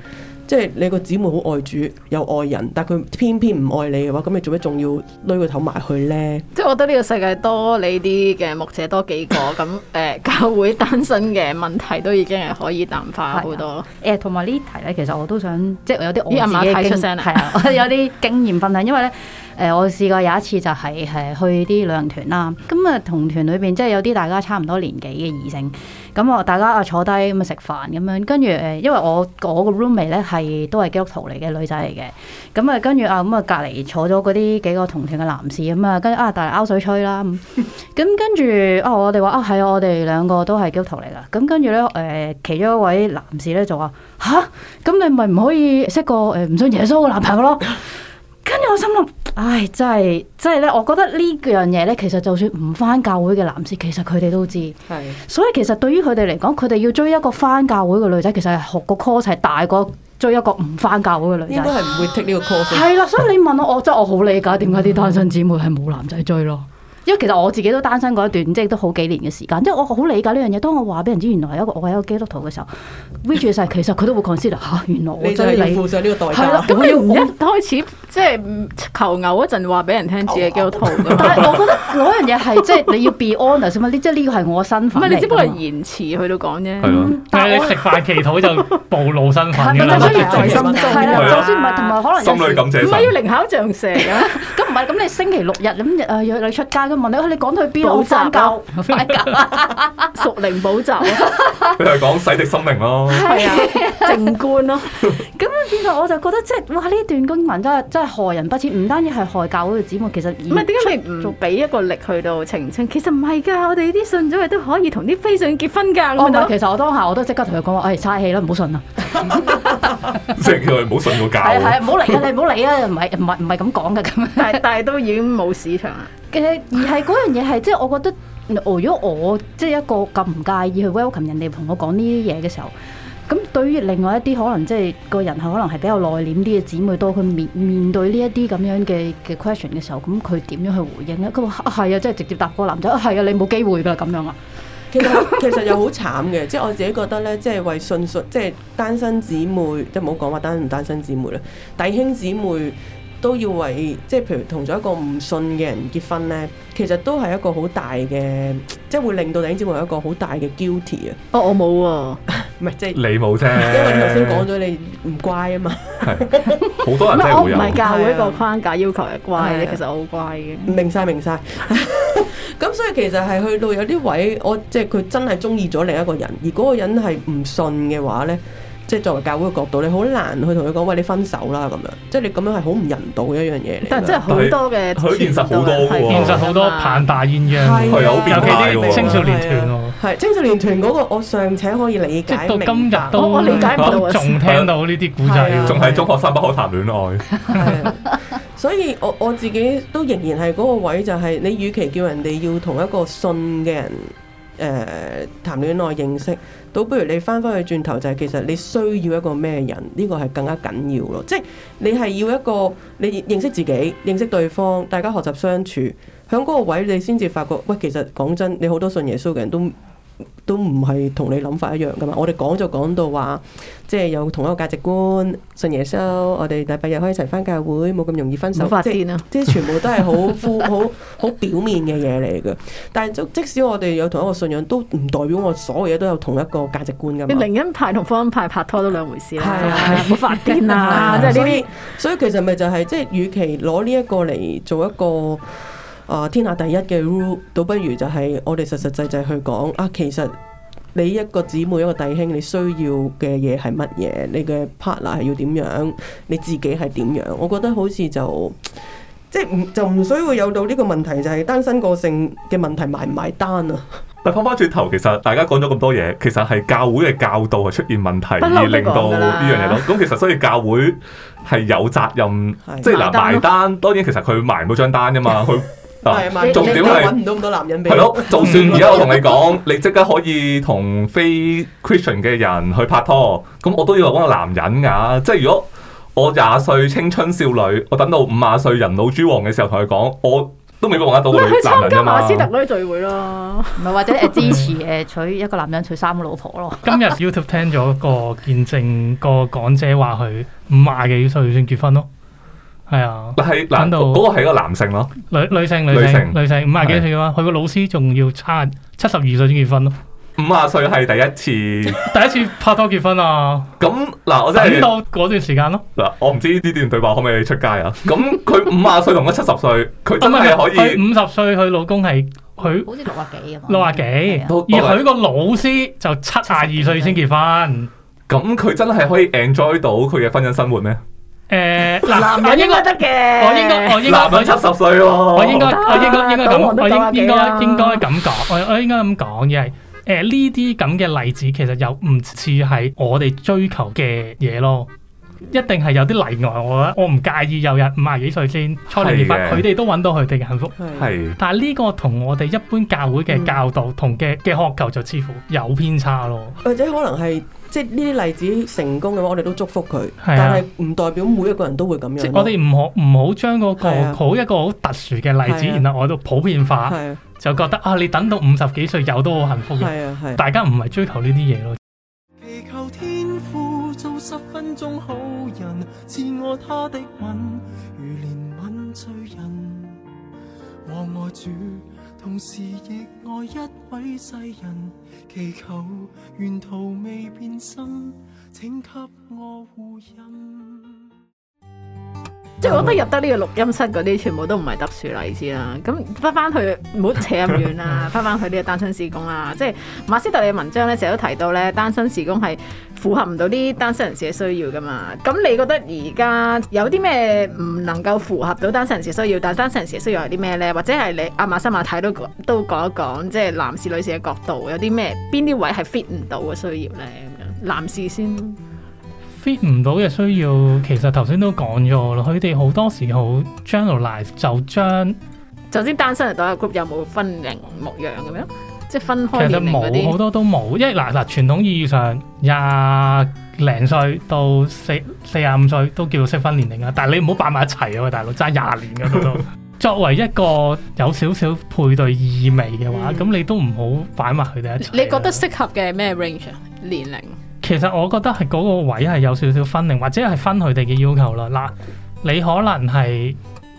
即係你個姊妹好愛主有愛人，但係佢偏偏唔愛你嘅話，咁你做咩仲要攆個頭埋去咧？即係我覺得呢個世界多你啲嘅牧者多幾個，咁誒、 *laughs* 欸、教會單身嘅問題都已經係可以淡化好多。誒、啊，同、呃、埋呢題咧，其實我都想，即係有啲阿馬太出聲啦，係啊，我有啲經驗分享，因為咧。 *laughs* 誒、呃，我試過有一次就係誒去啲旅行團啦，咁啊同團裏邊即係有啲大家差唔多年紀嘅異性，咁我大家啊坐低咁啊食飯咁樣，跟住誒，因為我我個 roommate 咧係都係基督徒嚟嘅女仔嚟嘅，咁啊跟住啊咁啊隔離坐咗嗰啲幾個同團嘅男士咁啊，跟住啊大家拗水吹啦，咁、嗯、跟住啊我哋話啊係啊，我哋、啊、兩個都係基督徒嚟㗎，咁跟住咧誒其中一位男士咧就話吓？咁、啊啊、你咪唔可以識個誒唔信耶穌嘅男朋友咯？跟住我心諗，唉，真係真係咧！我覺得呢樣嘢咧，其實就算唔翻教會嘅男士，其實佢哋都知。係的。所以其實對於佢哋嚟講，佢哋要追一個翻教會嘅女仔，其實係學個 course 係大過追一個唔翻教會嘅女仔。應該係唔會剔呢個 course。係啦，所以你問我，我真係我好理解點解啲單身姊妹係冇男仔追咯。因為其實我自己都單身過一段，即係都好幾年嘅時間。即係我好理解呢樣嘢，當我話俾人知原來係一個我係一個基督徒嘅時候，which 嘅時候其實佢都會 consider 嚇，原來你就係負上呢個代價。係咯，咁你唔一開始即係求牛嗰陣話俾人聽自己基督徒。但係我覺得嗰樣嘢係即係你要 be honest 嘛，呢即係呢個係我嘅身份嚟。唔係你只不過係言辭去到講啫。但係你食飯祈禱就暴露身份。就算唔係同埋可能有時唔係要靈巧象蛇啊，咁唔係咁，你星期六日咁你出街問你，你講去邊度？補習教佛教，屬靈補習。佢係講洗滌心靈咯，靜觀咯。咁啊，其實我就覺得，即係哇，呢一段經文真係真係害人不淺。唔單止係害教嗰個子母，其實唔係，點解你唔做俾一個力去到澄清？其實唔係噶，我哋啲信咗嘅都可以同啲非信結婚噶。哦，其實我當下我都即刻同佢講話：，哎，嘥氣啦，唔好信啦。即係叫佢唔好信個教。係係，唔好嚟啊！你唔好理啊！唔係唔係唔係咁講噶，咁但係都已經冇市場啦。嘅，而係嗰樣嘢係即係我覺得，如果我即係一個咁唔介意去 welcome 人哋同我講呢啲嘢嘅時候，咁對於另外一啲可能即係個人係可能係比較內斂啲嘅姊妹多，佢面面對呢一啲咁樣嘅嘅 question 嘅時候，咁佢點樣去回應咧？佢話係啊，即係直接答個男仔，係啊，啊，你冇機會㗎咁樣啊。其實其實又好慘嘅，即係 *laughs* 我自己覺得咧，即係為信述，即係單身姊妹，即唔好講話單唔單身姊妹啦，弟兄姊妹。都要為即係，譬如同咗一個唔信嘅人結婚咧，其實都係一個好大嘅，即係會令到頂子有一個好大嘅 guilty 啊！哦，我冇喎，唔係即係你冇啫，因為你頭先講咗你唔乖啊嘛，係好多人我唔係教會個框架要求係乖嘅，其實我好乖嘅，明晒明晒。咁所以其實係去到有啲位，我即係佢真係中意咗另一個人，而嗰個人係唔信嘅話咧。即係作為教會嘅角度，你好難去同佢講，喂，你分手啦咁樣。即係你咁樣係好唔人道嘅一樣嘢嚟。但係真係好多嘅，佢現實好多，現實好多扮大綿羊，佢有啲青少年團喎。係青少年團嗰個，我尚且可以理解。即係到今日都我理解唔到，仲聽到呢啲古仔，仲係中學生不可談戀愛。所以我我自己都仍然係嗰個位，就係你，與其叫人哋要同一個信嘅人。誒、呃、談戀愛認識，倒不如你翻翻去轉頭，就係、是、其實你需要一個咩人呢？呢個係更加緊要咯，即係你係要一個你認識自己、認識對方，大家學習相處，喺嗰個位你先至發覺喂，其實講真，你好多信耶穌嘅人都，都唔係同你諗法一樣噶嘛？我哋講就講到話，即係有同一個價值觀，信耶穌，我哋禮拜日可以一齊翻教會，冇咁容易分手，發癲啊，即係全部都係好好好表面嘅嘢嚟嘅。但係即使我哋有同一個信仰，都唔代表我所有嘢都有同一個價值觀噶靈恩派同福音派拍拖都兩回事，係、哎、呀啊，冇發癲啊！即係呢啲，所以其實咪就係、是、即係，與其攞呢一個嚟做一個。啊！Uh, 天下第一嘅 rule 倒不如就係我哋實實際際去講啊！其實你一個姊妹一個弟兄你需要嘅嘢係乜嘢？你嘅 partner 係要點樣？你自己係點樣？我覺得好似就即係唔就唔需要有到呢個問題，就係、是、單身個性嘅問題埋唔埋單啊？但翻翻轉頭，其實大家講咗咁多嘢，其實係教會嘅教導係出現問題， *music* 而令到呢 *music* 樣嘢咯。咁其實所以教會係有責任，是即係嗱埋單。當然，其實佢埋唔到張單㗎嘛，佢。是是重點係揾唔到咁多男人俾。係咯，就算而家我同你講， *laughs* 你即刻可以同非 Christian 嘅人去拍拖，咁我都要話搵個男人噶。即係如果我廿歲青春少女，我等到五廿歲人老珠黃嘅時候，同佢講，我都未必揾得到個女 *laughs* 男人。參加馬斯特嗰啲聚會咯，唔係或者誒支持誒娶一個男人娶三個老婆咯。今日 YouTube 聽咗個見證個講者話佢五廿幾歲先結婚咯。係啊，嗱係嗱，嗰個係一個男性咯，女女性女性女性五廿幾歲嘛，佢個老師仲要差七十二歲先結婚咯，五廿歲係第一次，第一次拍拖結婚啊？咁嗱，我真係等到嗰段時間咯。嗱，我唔知呢段對話可唔可以出街啊？咁佢五廿歲同咗七十歲，佢真係可以。五十歲，佢老公係佢好似六廿幾六廿幾，而佢個老師就七十二歲先結婚。咁佢真係可以 enjoy 到佢嘅婚姻生活咩？誒、呃，男,男人應該我應該得嘅，我應該，我應該，歲我七十歲咯，我應該， *laughs* 我應該、就是，應該咁，我應應該應該咁講，我我應該咁講，因為誒呢啲咁嘅例子，其實又唔似係我哋追求嘅嘢咯。一定係有啲例外，我覺得我唔介意有日五十幾歲先初年結婚，佢哋都揾到佢哋嘅幸福。係的，但係呢個同我哋一般教會嘅教導同嘅嘅渴求就似乎有偏差咯。或者可能係即係呢啲例子成功嘅話，我哋都祝福佢。的但係唔代表每一個人都會咁樣。我哋唔好唔好將嗰、那個好的一個好特殊嘅例子，的然後我哋普遍化，的就覺得啊，你等到五十幾歲有都好幸福嘅。大家唔係追求呢啲嘢咯。做十分鐘好人，賜我他的吻，如憐憫罪人。我愛主，同時亦愛一位世人，祈求沿途未變心，請給我護蔭。即係我覺得入得呢個錄音室嗰啲，全部都唔係特殊例子啦。咁翻翻去，唔好扯咁遠啦。翻翻 *laughs* 去呢個單身事工啦，即係馬斯特嘅文章咧，成日都提到咧，單身事工係符合唔到啲單身人士嘅需要噶嘛。咁你覺得而家有啲咩唔能夠符合到單身人士需要，但單身人士嘅需要係啲咩咧？或者係你阿、啊、馬西馬太都都講一講，即係男士女士嘅角度有啲咩，邊啲位係 fit 唔到嘅需要咧？咁樣男士先。fit 唔到嘅需要，其實頭先都講咗佢哋好多時候 generalize 就將，就先單身人嚟到一個 group 有冇分齡模樣咁樣，即係分開年齡嗰啲其實冇，好多都冇，因為嗱嗱傳統意義上廿零歲到四四廿五歲都叫做適婚年齡啊。但係你唔好擺埋一齊啊，大佬，爭廿年嘅嗰度。 *laughs* 作為一個有少少配對意味嘅話，咁、嗯、你都唔好擺埋佢哋一齊。你覺得適合嘅咩 range 年齡？其實我覺得係嗰個位係有少少分齡，或者係分佢哋嘅要求啦。嗱，你可能係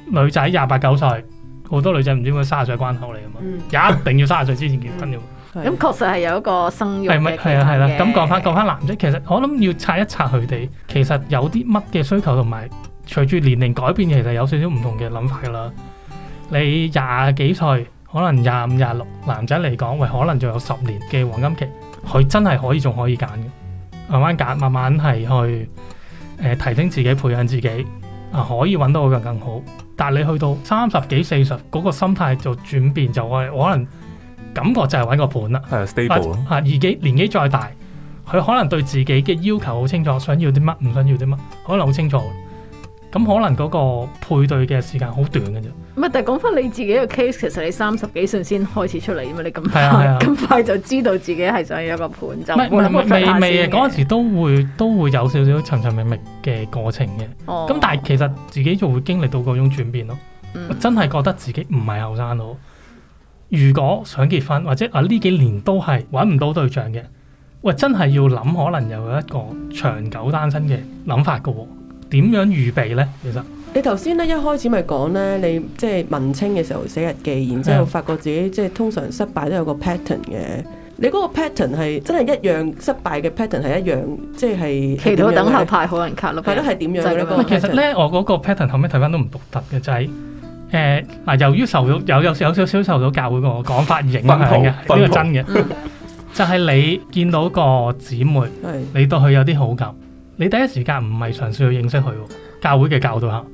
女仔廿八九歲，好多女仔唔知點解三十歲關口嚟噶嘛，一定要三十歲之前結婚。咁確實係有一個生育嘅嘅嘅。咁講翻講翻男仔，其實我諗要拆一拆佢哋，其實有啲乜嘅需求同埋，隨住年齡改變，其實有少少唔同嘅諗法噶啦。你廿幾歲，可能廿五廿六，男仔嚟講，喂，可能仲有十年嘅黃金期，佢真係可以仲可以揀嘅。慢慢揀，慢慢係去誒、呃、提升自己，培養自己啊、呃，可以揾到個更更好。但係你去到三十幾、四十，嗰個心態就轉變，就可我可能感覺就係揾個伴啦。係 stable 而幾年，年紀再大，佢可能對自己嘅要求好清楚，想要啲乜，唔想要啲乜，可能好清楚。咁可能嗰個配對嘅時間好短嘅啫。唔係，但係講翻你自己嘅 case，其實你三十幾歲先開始出嚟啊嘛，你咁快咁快就知道自己係想要一個伴是就唔係未未未嗰陣時都會都會有少少尋尋覓覓嘅過程嘅。哦。咁但係其實自己就會經歷到嗰種轉變咯。嗯。我真係覺得自己唔係後生咯。如果想結婚或者啊呢幾年都係搵唔到對象嘅，喂，真係要諗可能有一個長久單身嘅諗法噶。Mm. 點樣預備咧？其實你頭先咧一開始咪講咧，你即係文青嘅時候寫日記，然之後發覺自己即係通常失敗都有個 pattern 嘅。你嗰個 pattern 係真係一樣失敗嘅 pattern 係一樣，即係其他等後派好人卡咯，係咯，係點樣嘅咧？其實咧，我嗰個 pattern 後尾睇翻都唔獨特嘅，就係誒嗱，由於受有有有少少受到教會個講法影響嘅，呢個真嘅，就係你見到個姊妹，你對佢有啲好感。你第一時間唔係嘗試去認識佢，教會嘅教導嚇，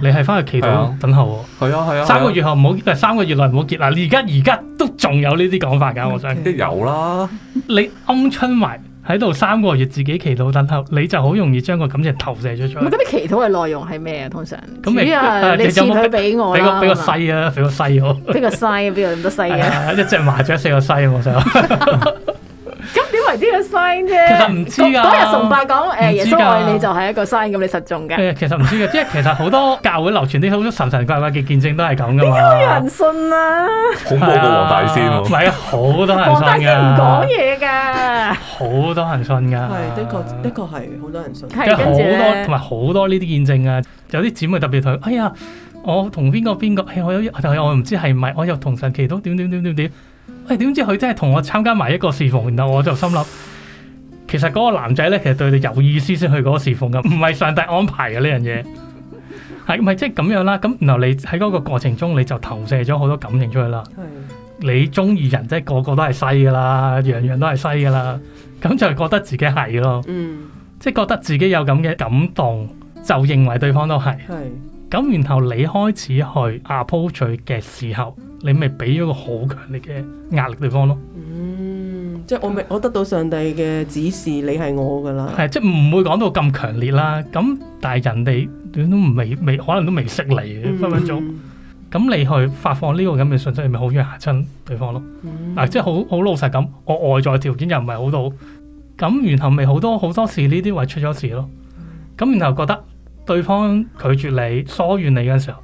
你係返去祈禱等候喎。啊係啊，三個月後唔好，三個月內唔好結。嗱而家而家都仲有呢啲講法㗎，我想。都有啦，你安春埋喺度三個月自己祈禱等候，你就好容易將個感情投射出嚟。咁啲祈禱嘅內容係咩啊？通常，咁啊，你指佢俾我啦。俾個俾個西啊，俾個西我。俾個西邊度有咁多西啊？一隻麻雀四個西，我想。啲個 sign 啫，其實唔知㗎。嗰日崇拜講誒耶穌愛你，就係一個 sign，咁你實中㗎。其實唔知㗎，即 *laughs* 因為其實好多教會流傳啲好多神神怪怪嘅見證都係咁㗎嘛。點解有人信啊？恐怖過黃大仙喎，啊。唔係，好多人信㗎。黃大仙唔講嘢㗎。好多人信㗎。係的確的確係好多人信。係的跟住咧，同埋好多呢啲見證啊，有啲姊妹特別同，哎呀，我同邊個邊個，誒、哎、我有，係我唔知係咪，我又同神祈禱點點點點點。喂，點知佢真係同我參加埋一個侍奉，然後我就心諗，其實嗰個男仔咧，其實對你有意思先去嗰個侍奉嘅，唔係上帝安排嘅呢 *laughs* 樣嘢，係咪即係咁樣啦？咁然後你喺嗰個過程中，你就投射咗好多感情出去啦。的你中意人即係、就是、個個都係西噶啦，樣樣都係西噶啦，咁就係覺得自己係咯，嗯，即係覺得自己有咁嘅感動，就認為對方都係，係的，咁然後你開始去 approach 嘅時候。你咪俾咗個好強力嘅壓力對方咯。嗯，即係我未，我得到上帝嘅指示，你係我噶啦。係，即係唔會講到咁強烈啦。咁但係人哋點都未未，可能都未識你，分分鐘。咁、嗯、你去發放呢、呢個咁嘅信息，咪好易嚇親對方咯。嗱、嗯啊，即係好好老實咁，我外在條件又唔係好到。咁然後咪好多好多事呢啲位出咗事咯。咁、嗯、然後覺得對方拒絕你、疏遠你嘅時候，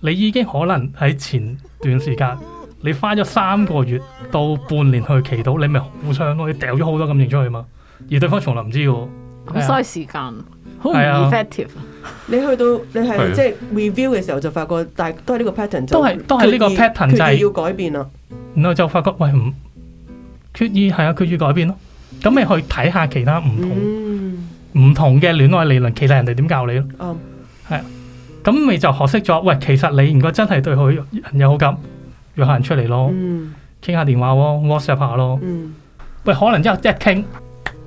你已經可能喺前。段時間，你花咗三個月到半年去祈禱，你咪互相咯，你掉咗好多感情出去嘛。而對方從嚟唔知嘅，好嘥、啊、時間，好唔 effective。啊、 *laughs* 你去到你係即係 review 嘅時候，啊、就發覺大都係呢個 pattern 意。都係都係呢個 pattern，就係要改變啦、就是。然後就發覺喂唔，決意係啊，決意改變咯。咁你去睇下其他唔同唔、嗯、同嘅戀愛理論，其實人哋點教你咯。啱、嗯，係、嗯。 *laughs* 咁咪就學識咗。喂，其實你如果真係對佢有好感，約下人出嚟咯，傾下電話，WhatsApp 下咯。喂，可能一一傾，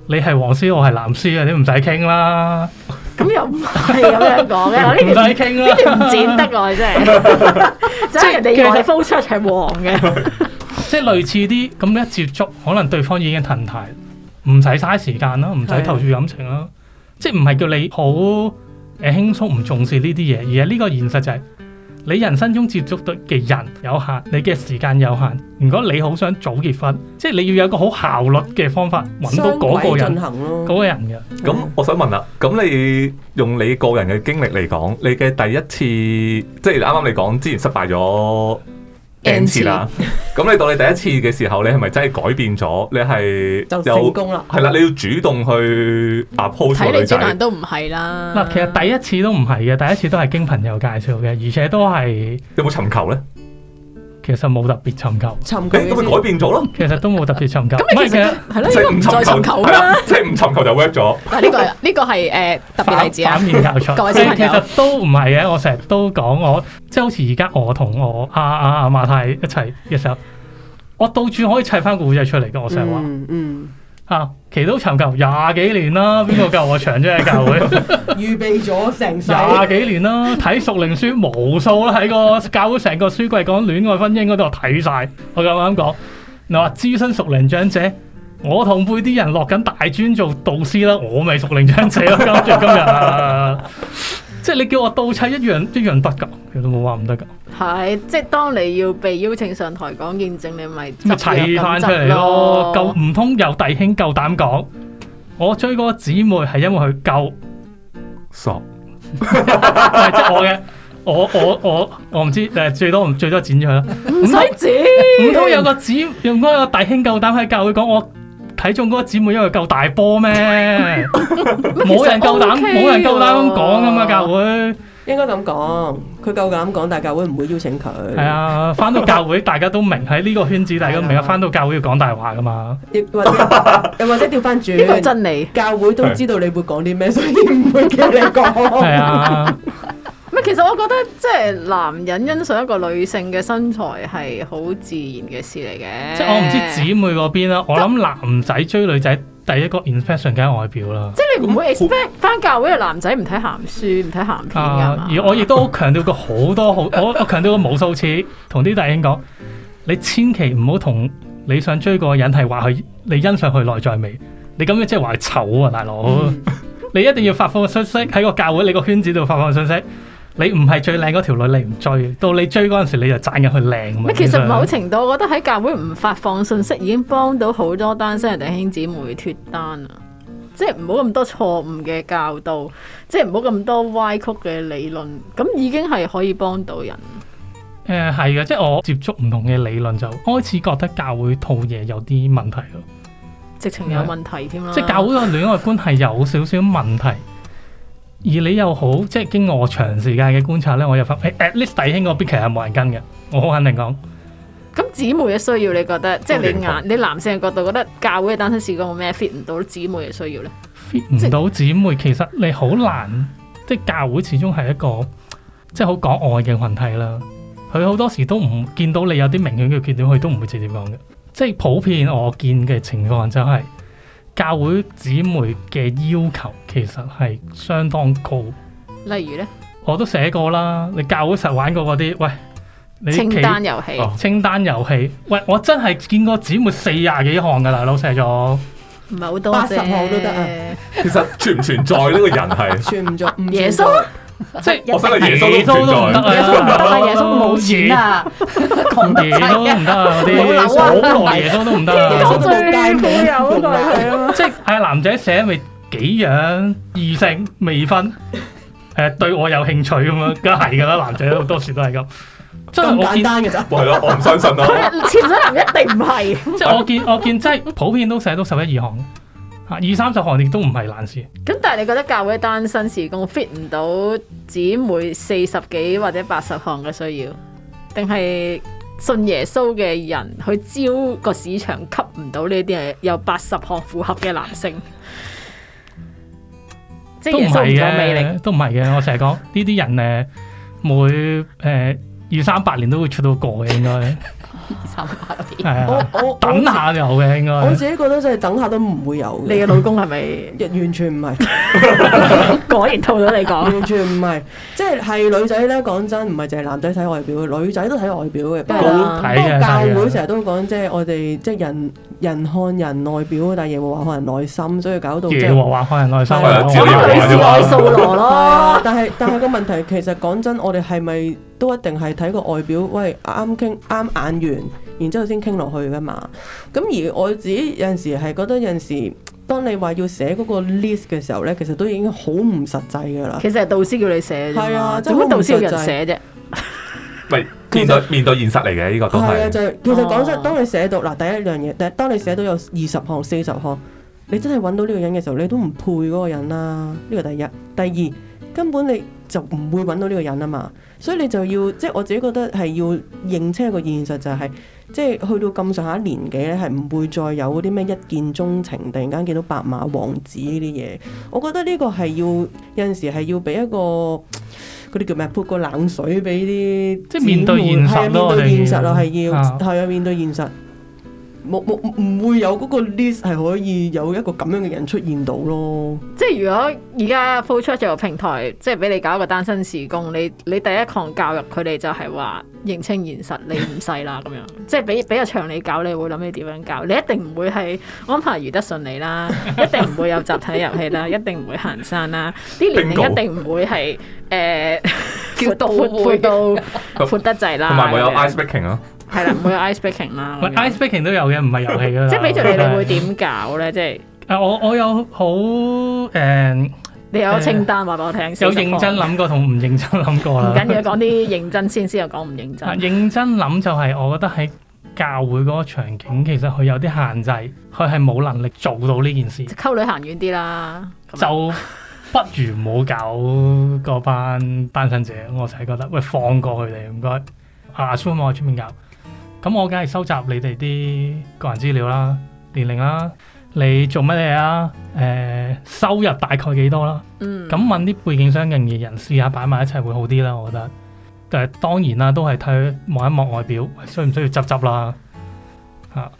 你係黃絲，我係藍絲，你唔使傾啦。咁又唔係咁樣講嘅，我呢條唔使傾啦，呢條唔剪得噶，即係人哋話係 focus 係黃嘅，即係類似啲咁一接觸，可能對方已經褪台，唔使嘥時間啦，唔使投注感情啦，即係唔係叫你好。誒，輕鬆唔重視呢啲嘢，而係呢個現實就係、是、你人生中接觸到嘅人有限，你嘅時間有限。如果你好想早結婚，即係你要有一個好效率嘅方法揾到嗰個人，嗰、啊、個人嘅。咁、嗯、我想問啦，咁你用你個人嘅經歷嚟講，你嘅第一次即係啱啱你講之前失敗咗。N 次啦，咁 *laughs* 你到你第一次嘅時候，你係咪真係改變咗？你係就成功啦，係啦，你要主動去 approach 你，個但都唔係啦，嗱，其實第一次都唔係嘅，第一次都係經朋友介紹嘅，而且都係有冇尋求咧？其實冇特別尋求，尋咁咪改變咗咯。其實都冇特別尋求。咁你其實係咯，即係唔再尋求啦，即係唔尋求就 work 咗。呢個呢個係誒特別例子啊！反面教材。其實都唔係嘅，我成日都講我，即係好似而家我同我阿阿阿馬太一齊，其實我倒轉可以砌翻個古仔出嚟㗎。我成日話。嗯。嗯。啊，其都尋求廿幾年啦，邊個舊啊？長姐係教會，預備咗成廿幾年啦。睇熟齡書無數啦，喺個教會成個書櫃講戀愛婚姻嗰度睇晒。我咁啱講，嗱，話資深熟齡長者，我同輩啲人落緊大專做導師啦，我咪熟齡長者咯。 *laughs* 今住今日。 *laughs* 即係你叫我倒砌一樣一樣得噶其實冇話唔得噶。係，即係當你要被邀請上台講見證，你咪咪砌翻出嚟咯。夠唔通有弟兄夠膽講？我追嗰個姊妹係因為佢夠傻，係 *laughs* 即我嘅。我我我我唔知，誒最多最多剪咗佢啦。唔使剪，唔通有個子，唔通有弟兄夠膽喺教佢講我？睇中嗰個姊妹因為夠大波咩？冇 *laughs* 什麼 人夠膽，冇 *laughs* 人夠膽咁講噶嘛，教會。應該咁講，佢夠膽講，但教會唔會邀請佢。係啊，翻到教會大家都明喺呢個圈子，大家都明啊。翻 *laughs* 到教會要講大話噶嘛。又 *laughs* 或者調翻轉真理，教會都知道你會講啲咩，所以唔會叫你講。係 *laughs* 啊。其實我覺得即係男人欣賞一個女性嘅身材係好自然嘅事嚟嘅。即係我唔知姊妹嗰邊啦。就我諗男仔追女仔，第一個 expectation 梗係外表啦。即係你唔會 expect 翻教會嘅男仔唔睇鹹書，唔睇鹹片、啊、而我亦都強調過好多好， *laughs* 我我強調過無數次，同啲弟兄講：你千祈唔好同你想追嗰個人係話佢，你欣賞佢內在美。你咁樣即係話佢醜啊，大佬！嗯、 *laughs* 你一定要發放信息喺個教會、你個圈子度發放信息。.你唔係最靚嗰條女，你唔追，到你追嗰陣時，你就賺入去靚。唔係，其實某程度，嗯、我覺得喺教會唔發放信息，已經幫到好多單身人哋弟兄姊，姊妹脫單啊！即係唔好咁多錯誤嘅教導，即係唔好咁多歪曲嘅理論，咁已經係可以幫到人。誒、呃，係嘅，即係我接觸唔同嘅理論，就開始覺得教會套嘢有啲問題咯。直情有問題添啦！的即係教會嘅戀愛觀係有少，少少問題。而你又好，即係經過我長時間嘅觀察咧，我又發 *music* at least 弟兄嗰邊其實係冇人跟嘅，我好肯定講。咁姊妹嘅需要，你覺得即係你男你男性嘅角度，覺得教會嘅單身事工有咩 fit 唔到姊妹嘅需要咧？fit 唔到姊妹，即其實你好難，即係教會始終係一個即係好講愛嘅群體啦。佢好多時都唔見到你有啲明顯嘅缺點，佢都唔會直接講嘅。即係普遍我見嘅情況就係、是。教會姊妹嘅要求其實係相當高，例如呢，我都寫過啦。你教會實玩過嗰啲喂，你清單遊戲，哦、清單遊戲，喂，我真係見過姊妹四廿幾項噶啦，老實咗，唔係好多，八十項都得。 *laughs* 其實存唔存在呢 *laughs* 個人係存唔唔，耶穌。 *laughs* 即係，我想個耶穌都得啊！耶穌冇錢啊，窮耶穌唔得，冇樓好耐耶穌都唔得啊！窮大富友啊，係啊！即係係男仔寫咪幾樣異性未婚，誒對我有興趣咁樣，梗係噶啦！男仔好多時都係咁，真係好簡單噶咋？係咯，我唔相信咯。潛水男一定唔係，即係我見我見，即係普遍都寫到十一二行。吓，二三十項亦都唔係難事。咁但係你覺得教會單身事工 fit 唔到姊妹四十幾或者八十項嘅需要，定係信耶穌嘅人去招個市場吸唔到呢啲有八十項符合嘅男性？即都唔係嘅，都唔係嘅。我成日講呢啲人誒，每、呃、誒二三百年都會出到個嘅。應該 *laughs* 二三八啲，我我等下就好嘅應該，我自己覺得就係等下都唔會有。你嘅老公係咪一完全唔係果然套咗你講？完全唔係，即係係女仔咧。講真，唔係淨係男仔睇外表，女仔都睇外表嘅。不過教會成日都講，即係我哋即係人人看人外表，但係亦會話看人內心，所以搞到。亦會話看人內心啊！招搖賣掃羅咯。但係但係個問題，其實講真，我哋係咪？都一定係睇個外表，喂，啱傾啱眼緣，然之後先傾落去噶嘛。咁而我自己有陣時係覺得有陣時，當你話要寫嗰個 list 嘅時候咧，其實都已經好唔實際噶啦。其實係導師叫你寫啫，係啊，做乜導師叫人寫啫？面對實面對現實嚟嘅呢個都係啊，就係、其實講真，當你寫到嗱第一樣嘢，第當你寫到有二十項、四十項，你真係揾到呢個人嘅時候，你都唔配嗰個人啦。呢個第一，第二，根本你。就唔會揾到呢個人啊嘛，所以你就要，即係我自己覺得係要認清一個現實，就係，就係即係去到咁上下年紀咧，係唔會再有嗰啲咩一見鐘情，突然間見到白馬王子呢啲嘢。我覺得呢個係要有陣時係要俾一個嗰啲叫咩潑個冷水俾啲，即係面對現實，面對現實咯，係要係啊面對現實。冇冇，唔會有嗰個 list 係可以有一個咁樣嘅人出現到咯。即係如果而家鋪出咗個平台，即係俾你搞一個單身事工，你你第一項教育佢哋就係話認清現實，你唔細啦咁樣。即係俾俾個場你搞，你會諗你點樣搞？你一定唔會係安排如得順利啦，一定唔會有集體遊戲啦，一定唔會行山啦，啲年齡一定唔會係誒照度會到闊得滯啦，同埋會有 ice breaking 啊。係啦，每個 Ice Breaking 啦，Ice Breaking 都有嘅，唔係遊戲噶啦。即係俾著你，你會點搞咧？即係，誒我我有好誒，你有個清單話俾我聽，有認真諗過同唔認真諗過啦。唔緊要，講啲認真先，先又講唔認真。認真諗就係，我覺得喺教會嗰個場景，其實佢有啲限制，佢係冇能力做到呢件事。溝女行遠啲啦，就不如冇搞嗰班單身者。我就係覺得，喂，放過佢哋，唔該。阿蘇唔好喺出面搞。咁我梗係收集你哋啲個人資料啦，年齡啦，你做乜嘢啊？誒、呃，收入大概幾多啦？嗯。咁問啲背景相近嘅人士啊，擺埋一齊會好啲啦，我覺得。誒，當然啦，都係睇望一望外表，欸、需唔需要執執啦？吓、啊，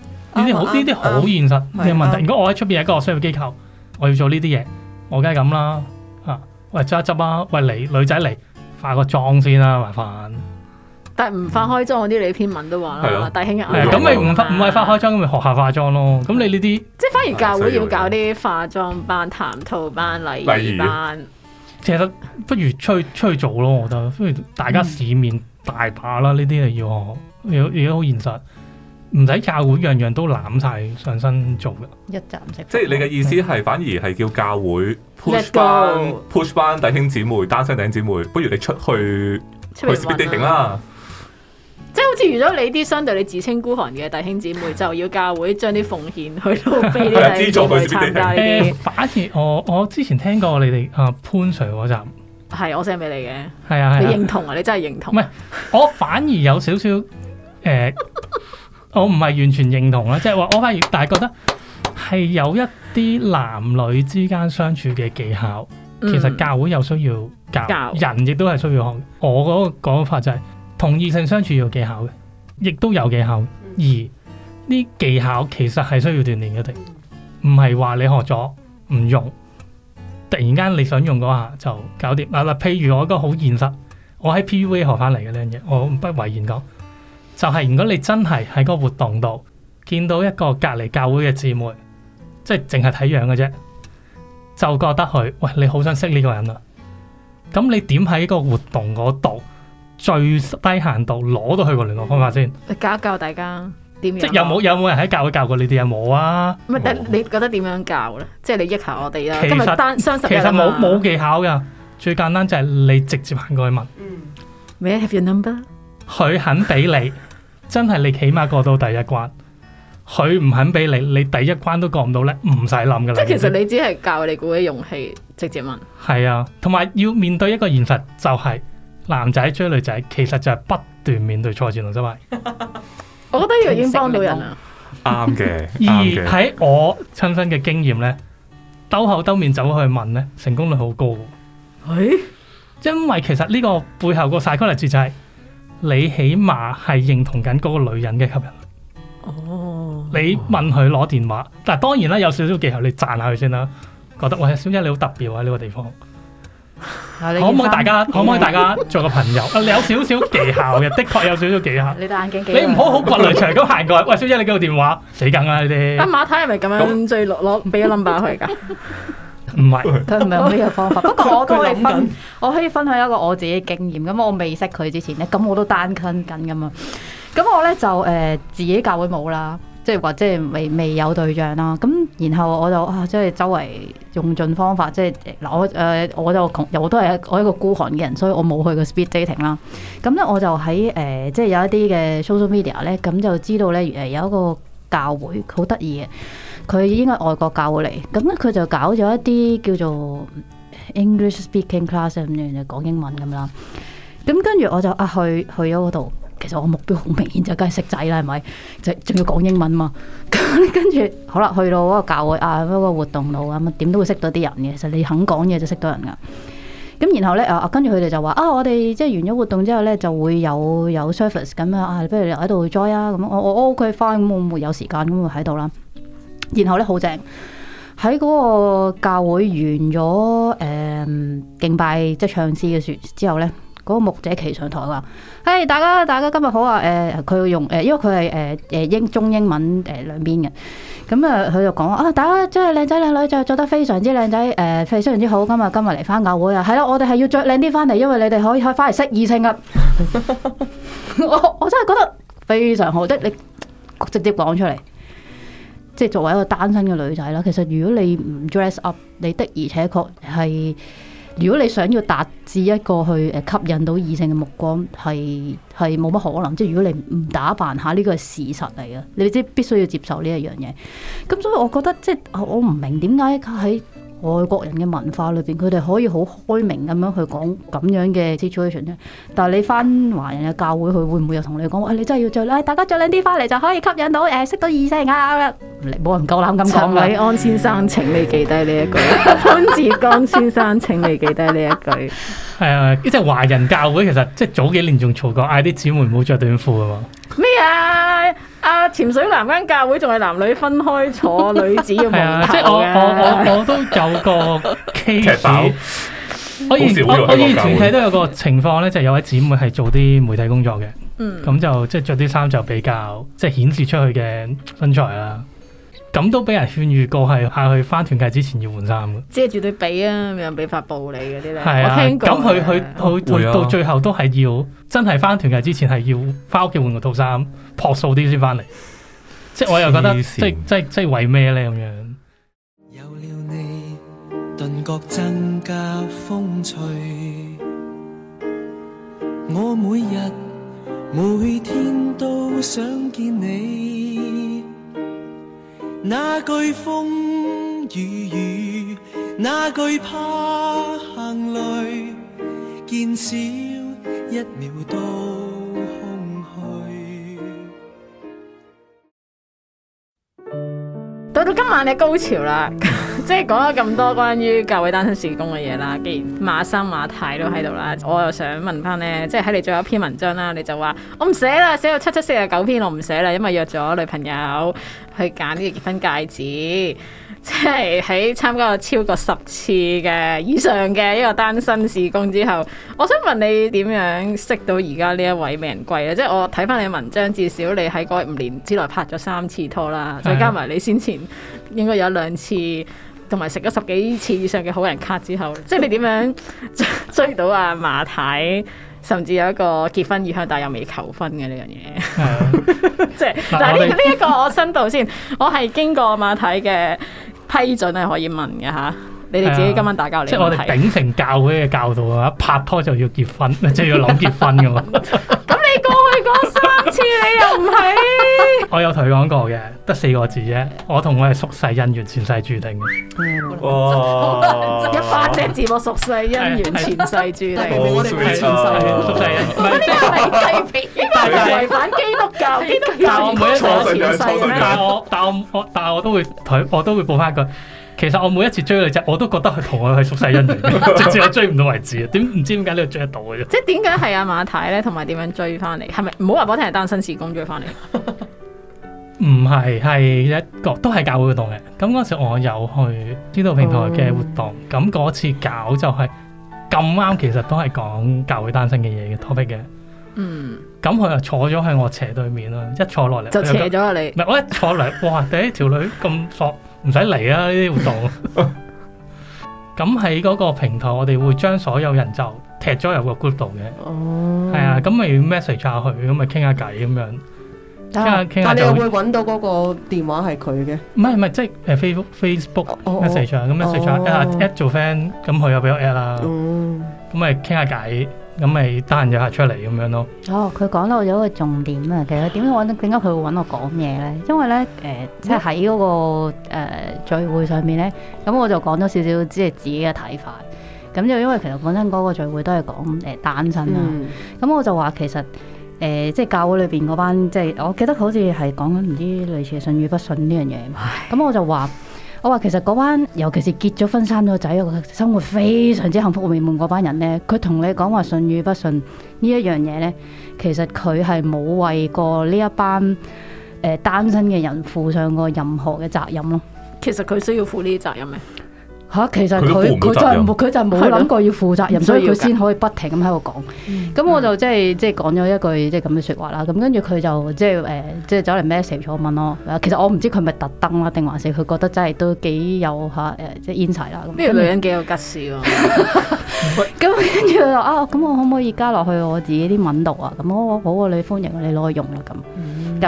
呢啲、啊、好呢啲、啊、好現實嘅問題。啊、如果我喺出邊有一個商業機構，我要做呢啲嘢，我梗係咁啦。吓，喂，執一執啊，喂，嚟，女仔嚟化個妝先啦，麻煩。但係唔化開妝嗰啲，你篇文都話啦，弟兄咁咪唔化唔係化開妝，咁咪學下化妝咯。咁你呢啲，即係反而教會要搞啲化妝班、談吐班、禮儀班。其實不如出去出去做咯，我覺得不如大家市面大把啦。呢啲係要，要，而家好現實，唔使教會樣樣都攬晒上身做啦。一站式，即係你嘅意思係反而係叫教會 push push 班弟兄姊妹、單身頂姊妹，不如你出去去啦。即係好似如果你啲相對你自稱孤寒嘅弟兄姊妹，就要教會將啲奉獻去到俾啲資助去參加呢啲、 *laughs* 欸。反而我我之前聽過你哋啊潘 Sir 嗰集，係我 send 俾你嘅，係啊係，啊你認同啊？你真係認同？唔係我反而有少少誒，呃、 *laughs* 我唔係完全認同啦，即係話我反而但係覺得係有一啲男女之間相處嘅技巧，其實教會有需要教、嗯、教人，亦都係需要學。我嗰個講法就係、是。同異性相處要技巧嘅，亦都有技巧。而呢技巧其實係需要鍛煉嘅，定唔係話你學咗唔用，突然間你想用嗰下就搞掂。嗱，啦，譬如我一個好現實，我喺 PUA 學翻嚟嘅呢樣嘢，我不諱言講，就係、是、如果你真係喺個活動度見到一個隔籬教會嘅姊妹，即係淨係睇樣嘅啫，就覺得佢，喂你好想識呢個人啊，咁你點喺個活動嗰度？最低限度攞到佢個聯絡方法先，教一教大家點樣。即係有冇有冇人喺教會教過你哋有冇啊？咪但你覺得點樣教咧？即係你益下我哋啦。今日單雙十一啦。其實冇冇技巧噶，最簡單就係你直接行過去問。嗯，May I have your number？佢肯俾你，真係你起碼過到第一關。佢唔肯俾你，你第一關都過唔到咧，唔使諗噶啦。即係其實你只係教你鼓起勇氣直接問。係啊，同埋要面對一個現實，就係。男仔追女仔，其實就係不斷面對挫折同失敗。 *laughs* *laughs* 我覺得呢樣已經幫到人啦。啱嘅，而喺我親身嘅經驗呢，兜口兜面走去問咧，成功率好高。係、欸，因為其實呢個背後個曬確立字就係、是、你起碼係認同緊嗰個女人嘅吸引。哦。你問佢攞電話，哦、但係當然啦，有少少技巧，你讚下佢先啦。覺得喂，小姐你好特別喎，呢個地方。我可唔可以大家 *music* 我可唔可以大家做個朋友？你有少少，少技巧嘅，的確有少，少少技巧。你對眼鏡，你唔好好掘雷長咁行過。喂，小姐，你嘅電話？死梗啊你！阿馬太係咪咁樣追落攞俾 number 佢噶？唔係，佢唔係用呢個方法。 *laughs* 不過我都可以分，我可以分享一個我自己經驗。咁我未識佢之前咧，咁我都單坑緊噶嘛。咁我咧就誒，自己教會冇啦。即係話，即係未未有對象啦。咁然後我就、啊、即係周圍用盡方法，即係嗱我誒、呃，我就窮，又我都係我一個孤寒嘅人，所以我冇去過 speed dating 啦。咁咧，我就喺誒、呃、即係有一啲嘅 social media 咧，咁就知道咧誒有一個教會好得意嘅，佢應該係外國教會嚟。咁咧佢就搞咗一啲叫做 English speaking class 咁樣講英文咁啦。咁跟住我就啊去去咗嗰度。其實我目標好明顯就梗係識仔啦，係咪？就仲要講英文嘛？ *laughs* 跟住好啦，去到嗰個教會啊，嗰、嗰個活動度啊，點都會識到啲人嘅。其實你肯講嘢就識到人噶。咁然後咧啊跟住佢哋就話啊，我哋即係完咗活動之後咧，就會有有 service 咁啊，啊不如你喺度 join 啊咁。我、啊、我 OK fine，咁我有時間咁我喺度啦。然後咧好正，喺嗰個教會完咗誒、嗯、敬拜即係唱詩嘅說之後咧。嗰個木者琪上台話，誒、hey, 大家大家今日好啊！誒、呃、佢用誒、呃，因為佢係誒誒英中英文誒、呃、兩邊嘅，咁啊佢就講啊，大家真係靚仔靚女，着着得非常之靚仔，誒、呃、非常之好。今日今日嚟翻教會啊，係咯，我哋係要着靚啲翻嚟，因為你哋可以可以翻嚟識異性啊。 *laughs* *laughs* 我我真係覺得非常好的，即你直接講出嚟，即係作為一個單身嘅女仔啦。其實如果你唔 dress up，你的而且確係。如果你想要達至一個去誒吸引到異性嘅目光，係係冇乜可能，即係如果你唔打扮下，呢個係事實嚟嘅，你即必須要接受呢一樣嘢。咁所以我覺得即係我唔明點解喺，外國人嘅文化裏邊，佢哋可以好開明咁樣去講咁樣嘅 situation 啫。但係你翻華人嘅教會，佢會唔會又同你講、哎？你真係要着啦，大家着靚啲翻嚟就可以吸引到誒、哎，識到異性啊！冇人夠膽咁講啊！陳安先生、嗯、請你記低呢一句，潘志剛先生 *laughs* 請你記低呢一句。係 *laughs* *laughs* 啊，即係華人教會其實即係早幾年仲嘈過，嗌啲姊妹唔好着短褲啊！咩啊？啊！潛水男間教會仲係男女分開坐，女子嘅門頭、 *laughs* 啊、即係我我我我都有個 case，我 *laughs* 以我 *laughs* 以前睇都有個情況咧，就係、是、有位姊妹係做啲媒體工作嘅，嗯，咁就即係著啲衫就比較即係顯示出去嘅身材啊。咁都俾人勸喻過，係下去翻團契之前要換衫嘅，即係絕對俾啊，唔係俾發報你嗰啲咧。啊、我聽過。咁佢佢佢到最後都係要真係翻團契之前係要翻屋企換個套衫，樸素啲先翻嚟。即係我又覺得，即係即即係為咩咧咁樣？有了你，頓覺增加風趣。我每日每天都想見你。哪懼風與雨，哪懼怕行雷，見少一秒都。到今晚嘅高潮啦， *laughs* 即係講咗咁多關於教會單身事工嘅嘢啦，既然馬生馬太都喺度啦，我又想問翻呢，即係喺你最後一篇文章啦，你就話我唔寫啦，寫到七七四十九篇我唔寫啦，因為約咗女朋友去揀呢個結婚戒指。即係喺參加過超過十次嘅以上嘅一個單身事工之後，我想問你點樣識到而家呢一位美人貴啊？即係我睇翻你嘅文章，至少你喺嗰五年之內拍咗三次拖啦，再加埋你先前應該有兩次，同埋食咗十幾次以上嘅好人卡之後，即係你點樣追到阿馬太，甚至有一個結婚意向但又未求婚嘅呢樣嘢？即係，但呢呢一個我身度、呢個、先，我係經過馬太嘅。批准，係可以問嘅吓，你哋自己今晚打交。嚟的即係我哋頂城教會嘅教導啊，一拍拖就要結婚，即係 *laughs* 要諗結婚嘅嘛。咁你過去嗰三次你又唔係？ *laughs* 我有同佢講過嘅，得四個字啫。我同我係宿世姻緣，前世註定嘅、嗯。哇！哇一百隻字，我宿世姻緣，前世註定。是是我哋前世。呢個係詆譭，呢個係違反基督教基督教教義嘅。一個但係我，但係我，但係我，我都會台，我都會報翻一句。其實我每一次追女仔，我都覺得佢同我係宿世姻緣，直至我追唔到為止。點唔知點解你又追得到嘅啫？即係點解係阿馬太咧？同埋點樣追翻嚟？係咪唔好話俾我聽係單身時工追翻嚟？唔係， *laughs* 係一個都係教會嘅活動嘅。咁嗰時我有去呢個平台嘅活動。咁嗰、嗯、次搞就係咁啱，其實都係講教會單身嘅嘢嘅 topic 嘅。嗯。咁佢又坐咗喺我斜對面啦，一坐落嚟就斜咗啦、啊。你唔係我一坐落嚟，哇！第一條女咁索。 *laughs* *laughs* 唔使嚟啊！呢啲活動，咁喺嗰個平台，我哋會將所有人就踢咗入個 group 度嘅。哦，係啊，咁咪 message 下佢，咁咪傾下偈咁樣。但係但係你又會揾到嗰個電話係佢嘅？唔係，唔係，即係誒 Facebook Facebook message 咁 message 一下，at 做 friend，咁佢又俾我 at 啦。嗯，咁咪傾下偈。咁咪單嘢出嚟咁樣咯。哦，佢講到咗個重點啊。其實點解揾點解佢會揾我講嘢咧？因為咧誒、呃，即喺嗰、那個、呃、聚會上面咧，咁、嗯、我就講咗少少，即係自己嘅睇法。咁就因為其實本身嗰個聚會都係講誒單身啊。咁、嗯嗯、我就話其實誒、呃，即係教會裏邊嗰班，即係我記得好似係講緊唔知類似信與不信呢樣嘢。咁唉、嗯、我就話。我話其實嗰班，尤其是，結咗婚生咗仔，生活非常之幸福美滿嗰班人呢，佢同你講話信與不信呢一樣嘢呢，其實佢係冇為過呢一班誒單身嘅人負上過任何嘅責任咯。其實佢需要負呢啲責任咩？嚇、啊！其實佢佢就佢就冇諗過要負責任，所以佢先可以不停咁喺度講。咁、嗯、我就即係即係講咗一句即係咁嘅説話啦。咁跟住佢就即係誒、呃、即係走嚟 message 我問咯。其實我唔知佢係咪特登啦，定還是佢覺得真係都幾有嚇誒、啊、即係 inspire 啦。咁呢個女人幾有吉兆？咁跟住佢話啊，咁、啊、我可唔可以加落去我自己啲文度啊？咁好好，好，你歡迎你攞去用啦。咁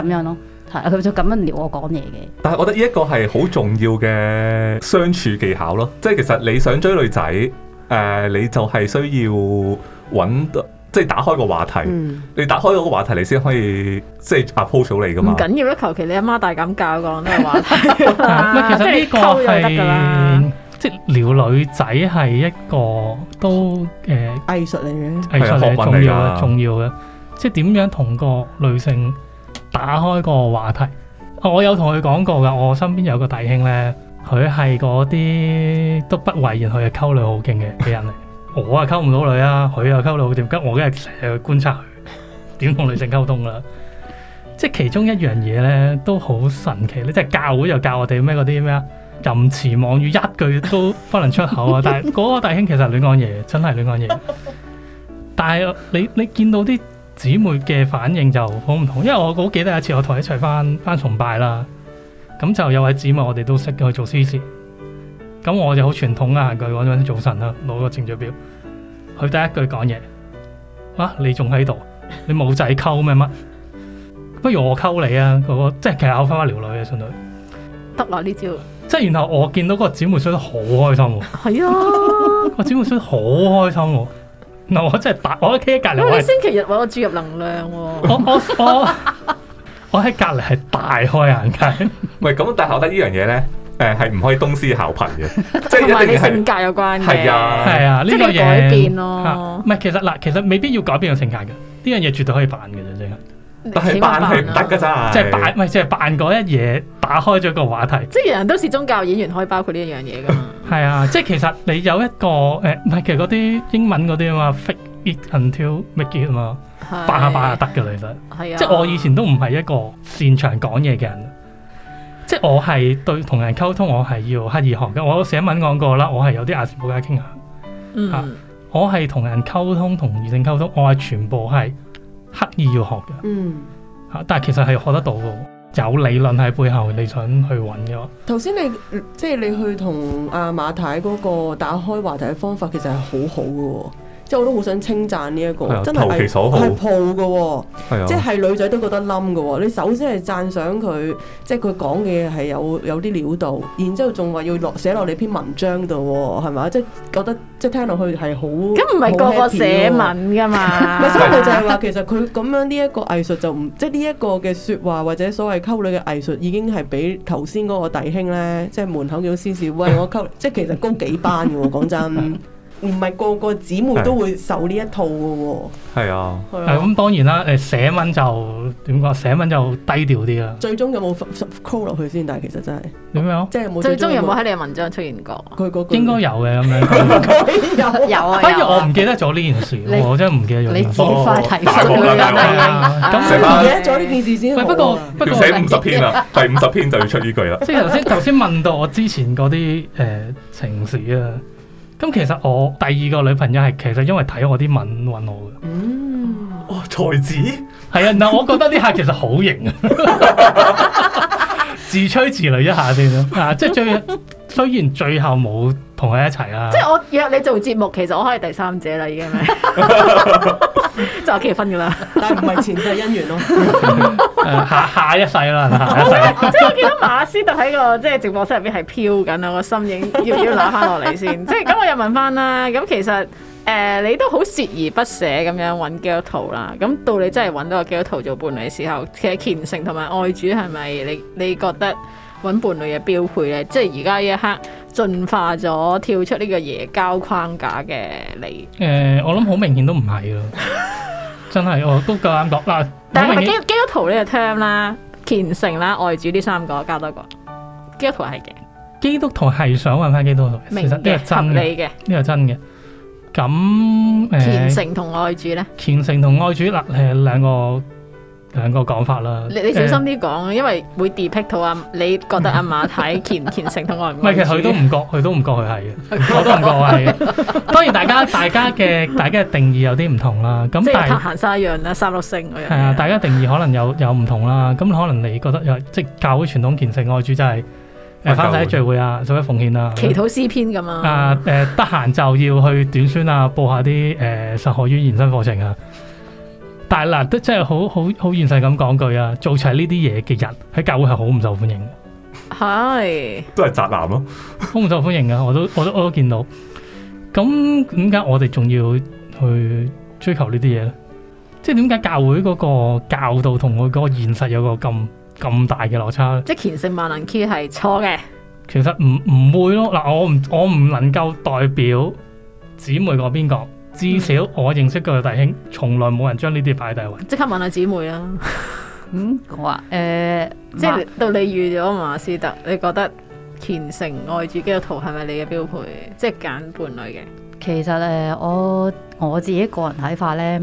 咁樣咯。嗯佢就咁樣撩我講嘢嘅，但係我覺得呢一個係好重要嘅相處技巧咯。即係其實你想追女仔，誒、呃、你就係需要揾即係打開個話題。嗯、你打開嗰個話題，你先可以即係 approach 到你噶嘛。唔緊要咯，求其你阿媽大膽教講呢個話題。唔係，其實呢個係 *laughs* 即係撩女仔係一個都誒、呃、藝術嚟嘅，藝術嚟嘅，重要嘅，重要嘅。即係點樣同個女性打開個話題，我有同佢講過噶。我身邊有個弟兄咧，佢係嗰啲都不諱言佢係溝女好勁嘅人嚟。我啊溝唔到女啊，佢又溝女好掂。咁我梗係成日去觀察佢點同女性溝通噶啦。即係其中一樣嘢咧，都好神奇咧。即係教會又教我哋咩嗰啲咩啊，淫詞妄語一句都不能出口啊。但係嗰個弟兄其實亂講嘢，真係亂講嘢。但係你你見到啲。姊妹嘅反應就好唔同，因為我好記得一次我一，我同佢一齊翻翻崇拜啦，咁就有位姊妹我哋都識佢做司事，咁我就好傳統啊，佢揾咗啲早晨啦，攞個程序表，佢第一句講嘢，啊你仲喺度，你冇仔溝咩？乜，不如我溝你啊，嗰、那個即係其實我花翻撩女嘅程度，得啦呢招，即係然後我見到嗰個姊妹衰得好開心喎，係 *laughs* 是啊，個 *laughs* 姊 *laughs* 妹衰得好開心喎。嗱，no, really、okay, 我真係大，我喺隔籬。因星期日為我注入能量、啊、 *laughs* 我我我喺隔籬係大開眼界。唔 *laughs* *laughs* 喂，咁但係我覺得呢樣嘢咧，誒，係唔可以東施效顰嘅， *laughs* 即係一定係 *laughs* 性格有關嘅。係啊，係啊，呢個嘢改變咯、啊。唔係、啊，其實嗱，其實未必要改變個性格嘅，呢樣嘢絕對可以反嘅，真係。但是扮係唔得噶咋，即係、啊、的扮，唔係即係扮嗰一嘢，打開咗個話題。即係人人都係宗教演員可以包括呢一樣嘢噶嘛。係 *laughs* 啊，即係其實你有一個誒，唔係其實嗰啲英文嗰啲啊嘛，fake it until make it 嘛，扮下扮下得噶啦，其實。係是啊。即係我以前都唔係一個擅長講嘢嘅人，即係我係對同人溝通，我係要刻意學噶。我寫文講過啦，我係有啲亞氏保加傾向。嗯、 *laughs* 我係同人溝通，同異性溝通，我係全部係，刻意要學嘅，嗯，吓，但係其實係學得到嘅，有理論喺背後，你想去搵嘅。頭先你即係你去同阿馬太嗰個打開話題嘅方法，其實係好好嘅。即係我都好想稱讚呢、這、一個，哎、呦真係係鋪嘅喎，即係女仔都覺得冧嘅喎。你首先係讚賞佢，即係佢講嘢係有有啲料到，然之後仲話要落寫落你篇文章度、哦，係不很 happy 嘛？即係覺得即係聽落去係好咁唔係個個寫文嘅嘛？唔係，所以就係話其實佢咁樣呢一、這個藝術就唔即係呢一個嘅説話或者所謂溝女嘅藝術已經係比頭先嗰個弟兄咧，即係門口叫詩詩喂我溝，即係 *laughs* *laughs* 其實高幾班嘅喎、哦，講真。 *laughs* *laughs* 唔係個個姊妹都會受呢一套嘅喎。係啊，係啊，咁當然啦。誒，寫文就點講？寫文就低調啲啦。最終有冇 s u call 落去先？但係其實真係點樣？即係有冇。最終有冇喺你嘅文章出現過？佢嗰句應該有嘅咁樣。應該有啊。不過我唔記得咗呢件事，我真係唔記得咗。你快提。大鑊啦，大鑊。咁唔記得咗呢件事先。不過不過要寫五十篇啊，第五十篇就要出呢句啦。即係頭先頭先問到我之前嗰啲誒情史啊。咁其實我第二個女朋友係其實因為睇我啲文揾我嘅，嗯，哇、哦、才子，係啊，嗱，我覺得啲客其實好型啊，自吹自擂一下先啦， *laughs* *laughs* 啊，即係最。雖然最後冇同佢一齊啦，即係我約你做節目，其實我可以第三者啦，已經係我結婚噶啦， *laughs* 但係唔係前世姻緣咯， *laughs* *laughs* 下下一世啦好 *laughs* 即係我見到馬斯特喺個即係直播室入邊係飄緊啊，我個心影，要要攞翻落嚟先。 *laughs* 即係咁，我又問翻啦。咁其實誒、呃、你都好鍥而不捨咁樣揾基督徒圖啦。咁到你真係揾到個基督徒做伴侶嘅時候，其實虔誠同埋愛主係咪你你覺得搵伴侶嘅標配咧，即係而家呢一刻進化咗，跳出呢個耶膠框架嘅你。誒、呃，我諗好明顯都唔係咯， *laughs* 真係我都夠膽講啦。呃、但係是 基督徒呢個 term 啦、虔誠啦、愛主呢三個加多個基督徒係嘅。基督徒係想搵返基督徒，其實呢個真理嘅，呢個真嘅。咁誒，呃、虔誠同愛主咧？虔誠同愛主啦，係兩個。兩個講法啦，你你小心啲講，呃、因為會 depict 到阿你覺得阿馬太虔虔誠同愛唔愛？唔係，其實佢都唔覺，佢都唔覺佢係嘅， *laughs* 我都唔覺係。當然大家大家嘅大家嘅定義有啲唔同啦。咁即係行山一樣啦，三六星嗰啊，是大家定義可能有有唔同啦。咁可能你覺得又即係教會傳統虔誠愛主、就是，就係誒翻曬啲聚會啊，做一啲奉獻啊，祈禱詩篇咁啊。誒、呃呃、得閒就要去短宣啊，報下啲誒神學院延伸課程啊。但係嗱，都真係好好好現實咁講句啊，做齊呢啲嘢嘅人喺教會係好唔受歡迎嘅，係都係宅男咯，好唔受歡迎啊。我都我都我都見到。咁點解我哋仲要去追求呢啲嘢咧？即係點解教會嗰個教導同佢嗰個現實有個咁咁大嘅落差咧？即係虔誠萬能 key 係錯嘅，其實唔唔會咯。嗱，我唔我唔能夠代表姊妹嗰邊個。至少我認識嘅大兄，從來冇人將呢啲擺大位。即刻問下姊妹啦。 *laughs* 嗯，我話誒，呃、即係是馬到你預咗嘛，斯特，你覺得虔誠愛主基督徒係咪你嘅標配？即係揀伴侶嘅。其實誒，我我自己個人睇法咧，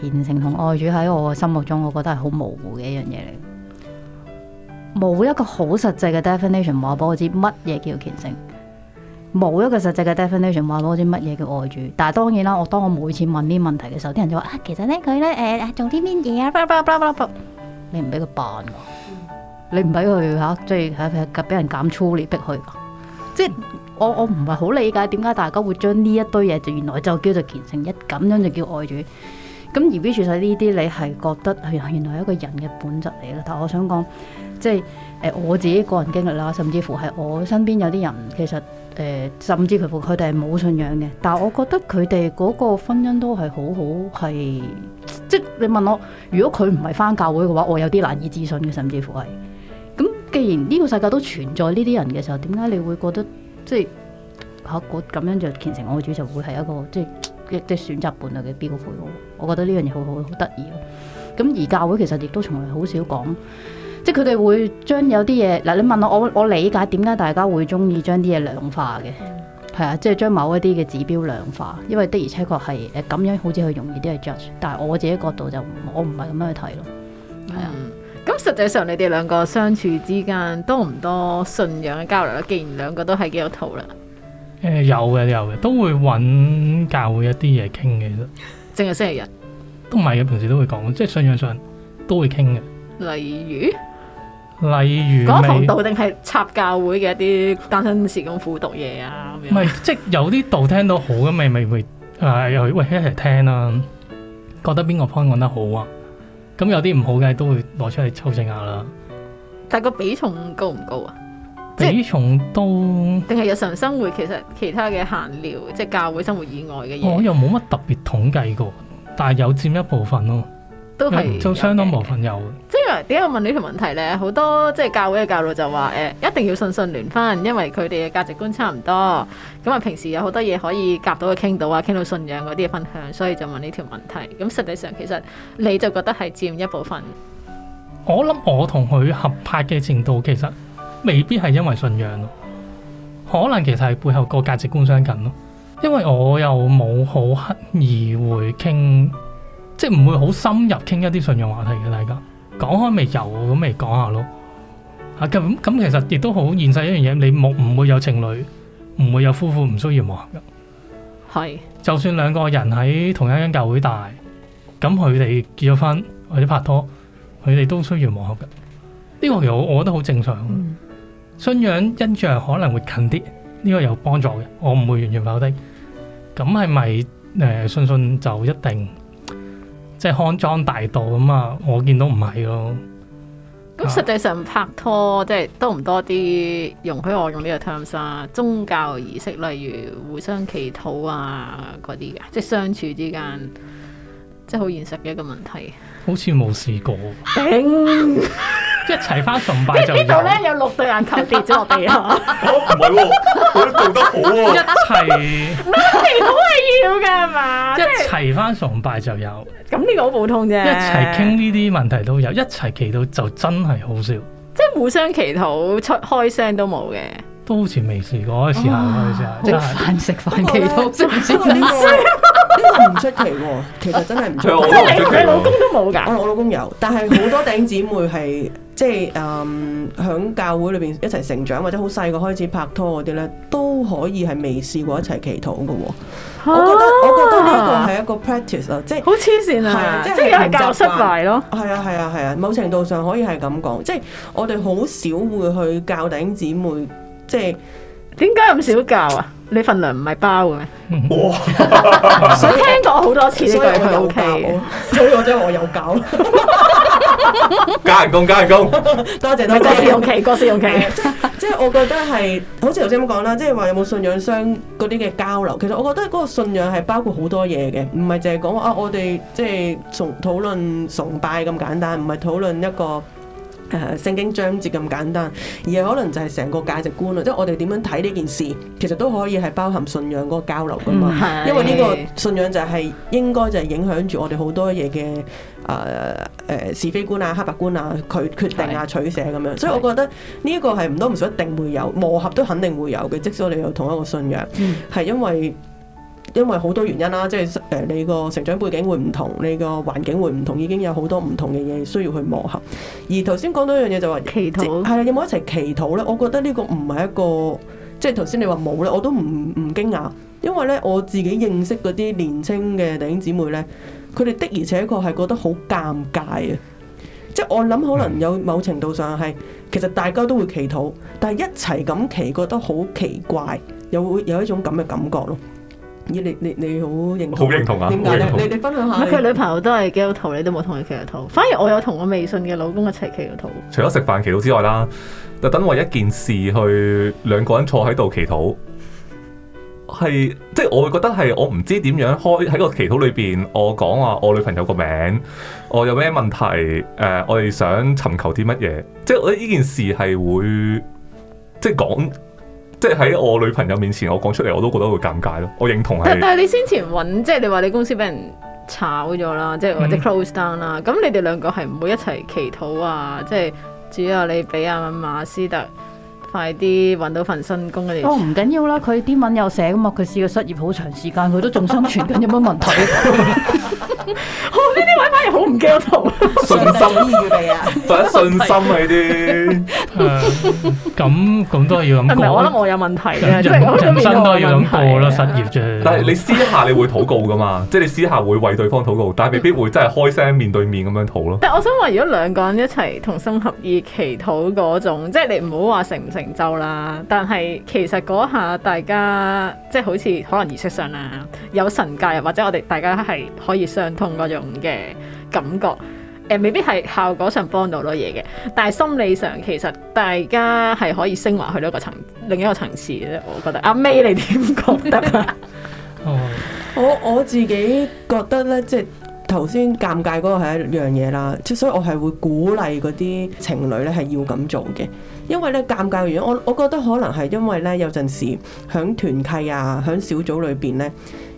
虔誠同愛主喺我心目中，我覺得係好模糊嘅一樣嘢嚟。冇一個好實際嘅 definition，話俾我知乜嘢叫虔誠。冇一個實際嘅 definition 話攞啲乜嘢叫愛主。但係當然啦，我當我每次問呢啲問題嘅時候，啲人就話啊，其實咧佢咧誒做啲乜嘢啊，你唔俾佢扮㗎，你唔俾佢嚇，即係係俾人減粗劣逼佢，即係我我唔係好理解點解大家會將呢一堆嘢就原來就叫做虔誠，一咁樣就叫愛主。咁而 B 其實呢啲你係覺得原來係一個人嘅本質嚟嘅。但係我想講即係誒、呃、我自己個人經歷啦，甚至乎係我身邊有啲人其實。誒、呃，甚至乎佢哋係冇信仰嘅，但係我覺得佢哋嗰個婚姻都係好好，係即係你問我，如果佢唔係返教會嘅話，我有啲難以置信嘅，甚至乎係。咁既然呢個世界都存在呢啲人嘅時候，點解你會覺得即係嚇過咁樣就虔誠我主就會係一個即係嘅嘅選擇伴侶嘅標配咯？我覺得呢樣嘢好好好得意咯。咁而教會其實亦都從來好少講。即係佢哋會將有啲嘢嗱，你問我，我我理解點解大家會鍾意將啲嘢量化嘅，係啊，即係將某一啲嘅指標量化，因為的而且確係誒咁樣好似係容易啲去 judge。但係我自己角度就我唔係咁樣去睇咯。係啊、嗯，咁、嗯、實際上你哋兩個相處之間多唔多信仰嘅交流咧？既然兩個都係基督徒啦。誒、呃、有嘅有嘅，都會揾教會一啲嘢傾嘅，其實。淨係星期日？都唔係嘅，平時都會講，即係信仰上都會傾嘅。例如？例如嗰堂道定係插教會嘅一啲單身侍，咁苦讀嘢啊？唔係， *laughs* 即係有啲道聽到好咁咪咪會係喂，喂一齊聽啦、啊。覺得邊個 point 講得好啊？咁有啲唔好嘅都會攞出嚟抽正下啦。但係個比重高唔高啊？即比重都定係日常生活，其實其他嘅閒聊，即係教會生活以外嘅嘢，我、哦、又冇乜特別統計過，但係有佔一部分咯、啊，都係是 就相當部分有。點解我問呢條問題呢？好多即係教會嘅教導就話，誒、欸，一定要信信聯翻，因為佢哋嘅價值觀差唔多。咁啊，平時有好多嘢可以夾到佢傾到啊，傾到信仰嗰啲嘅分享，所以就問呢條問題。咁實際上其實你就覺得係佔一部分。我諗我同佢合拍嘅程度，其實未必係因為信仰咯，可能其實係背後個價值觀相近咯。因為我又冇好刻意會傾，即係唔會好深入傾一啲信仰話題嘅大家。講開咪有咁咪講下咯，啊咁咁其實亦都好現實一樣嘢，你冇唔會有情侶，唔會有夫婦唔需要磨合嘅。係就算兩個人喺同一間教會大，咁佢哋結咗婚或者拍拖，佢哋都需要磨合嘅，呢個我我覺得好正常，信仰因著可能會近啲，呢個有幫助嘅，我唔會完全否定。咁係咪誒信信就一定？即係康莊大道咁啊！我見到唔係咯。咁、啊、實際上拍拖即係多唔多啲容許我用呢個 terms 啊？宗教儀式例如互相祈禱啊，嗰啲嘅，即係相處之間，即係好現實嘅一個問題。好似冇試過。叮 *laughs* 一齊翻崇拜就有。邊度咧有六對眼球跌咗落地下？唔係喎，佢做、啊、得好一齊。咩祈禱係要㗎嘛？一齊翻崇拜就有。咁呢 *laughs* 個好普通啫。一齊傾呢啲問題都有，一齊祈禱就真係好少。即係互相祈禱出開聲都冇嘅。都好似未試過嗰時候，真係食飯食飯祈禱，食唔食呢個唔出奇喎。其實真係唔出奇，我老公都冇㗎。我老公有，但係好多頂姊妹係即係誒，響教會裏邊一齊成長或者好細個開始拍拖嗰啲咧，都可以係未試過一齊祈禱嘅喎。我覺得我覺得呢個係一個 practice 啊，即係好黐線啊，即係教失敗咯。係啊係啊係啊，某程度上可以係咁講，即係我哋好少會去教頂姊妹。即係點解咁少教啊？你份糧唔係包嘅咩？我，我聽過好多次呢句佢 OK 嘅，所以我即係我有教 *laughs* ，加人工加人工，多謝多謝。過試用期，過試用期。即係我覺得係，好似頭先咁講啦，即係話有冇信仰商嗰啲嘅交流。其實我覺得嗰個信仰係包括好多嘢嘅，唔係淨係講話啊，我哋即係崇討論崇拜咁簡單，唔係討論一個。誒聖經章節咁簡單，而可能就係成個價值觀咯，即係我哋點樣睇呢件事，其實都可以係包含信仰嗰個交流㗎嘛，是因為呢個信仰就係、是、應該就係影響住我哋好多嘢嘅誒誒是非觀啊、黑白觀啊、佢決定啊、取捨咁樣，是所以我覺得呢一個係唔多唔少一定會有磨合，都肯定會有嘅，即使我哋有同一個信仰，係、嗯、因為。因為好多原因啦，即係誒你個成長背景會唔同，你個環境會唔同，已經有好多唔同嘅嘢需要去磨合。而頭先講到一樣嘢就話祈禱，係有冇一齊祈禱咧？我覺得呢個唔係一個，即係頭先你話冇咧，我都唔唔驚訝，因為咧我自己認識嗰啲年青嘅弟兄姊妹咧，佢哋的而且確係覺得好尷尬啊！即係我諗可能有某程度上係，嗯、其實大家都會祈禱，但係一齊咁祈覺得好奇怪，有會有，有一種咁嘅感覺咯。你你你好認好認同啊？點解、啊啊、你你，你分享下。佢女朋友都係基督徒，你都冇同佢祈下禱，反而我有同我未信嘅老公一齊祈過禱。除咗食飯祈禱之外啦，特登為一件事去兩個人坐喺度祈禱，係即係我會覺得係我唔知點樣開喺個祈禱裏邊，我講話我女朋友個名，我有咩問題？誒、呃，我哋想尋求啲乜嘢？即係我覺得呢件事係會即係講。即係喺我女朋友面前，我講出嚟我都覺得會尷尬咯。我認同係。但但係你先前揾，即係你話你公司俾人炒咗啦，即係或者 close down 啦、嗯。咁你哋兩個係唔會一齊祈禱啊？即係主要啊，你俾阿馬斯特。啊啊啊啊快啲揾到份新工嘅嚟！哦，唔緊要啦，佢啲文又寫噶嘛，佢試過失業好長時間，佢都仲生存緊，有乜問題？呢啲位反而好唔驚，信心嚟啊！第一信心係啲，咁咁都係要咁。係咪我諗我有問題嘅？即係身都係咁，我啦失業啫。但係你私下你會禱告噶嘛？即係你私下會為對方禱告，但係未必會真係開聲面對面咁樣禱咯。但係我想話，如果兩個人一齊同心合意祈禱嗰種，即係你唔好話成唔成。周啦，但係其實嗰下大家即係、就是、好似可能儀式上啦，有神介入，或者我哋大家係可以相通嗰種嘅感覺，誒、呃，未必係效果上幫到好多嘢嘅，但係心理上其實大家係可以升華去到一個層另一個層次嘅啫，我覺得阿 May 你點覺得啊？我我自己覺得咧，即係。頭先尷尬嗰個係一樣嘢啦，即所以我係會鼓勵嗰啲情侶咧係要咁做嘅，因為咧尷尬原因，我我覺得可能係因為咧有陣時響團契啊，響小組裏邊咧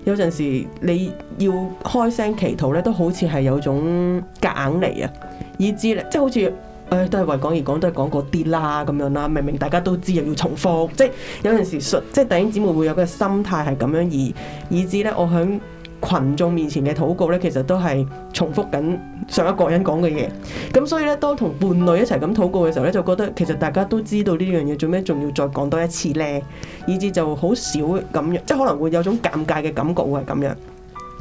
有陣時你要開聲祈禱咧，都好似係有種夾硬嚟啊，以至咧即係好似誒都係為講而講，都係講過啲啦咁樣啦，明明大家都知又要重複，即係有陣時即係弟兄姊妹會有個心態係咁樣而以致咧，我響。群眾面前嘅禱告咧，其實都係重複緊上一個人講嘅嘢，咁所以咧，當同伴侶一齊咁禱告嘅時候咧，就覺得其實大家都知道呢樣嘢，做咩仲要再講多一次咧？以至就好少咁樣，即係可能會有種尷尬嘅感覺，會係咁樣。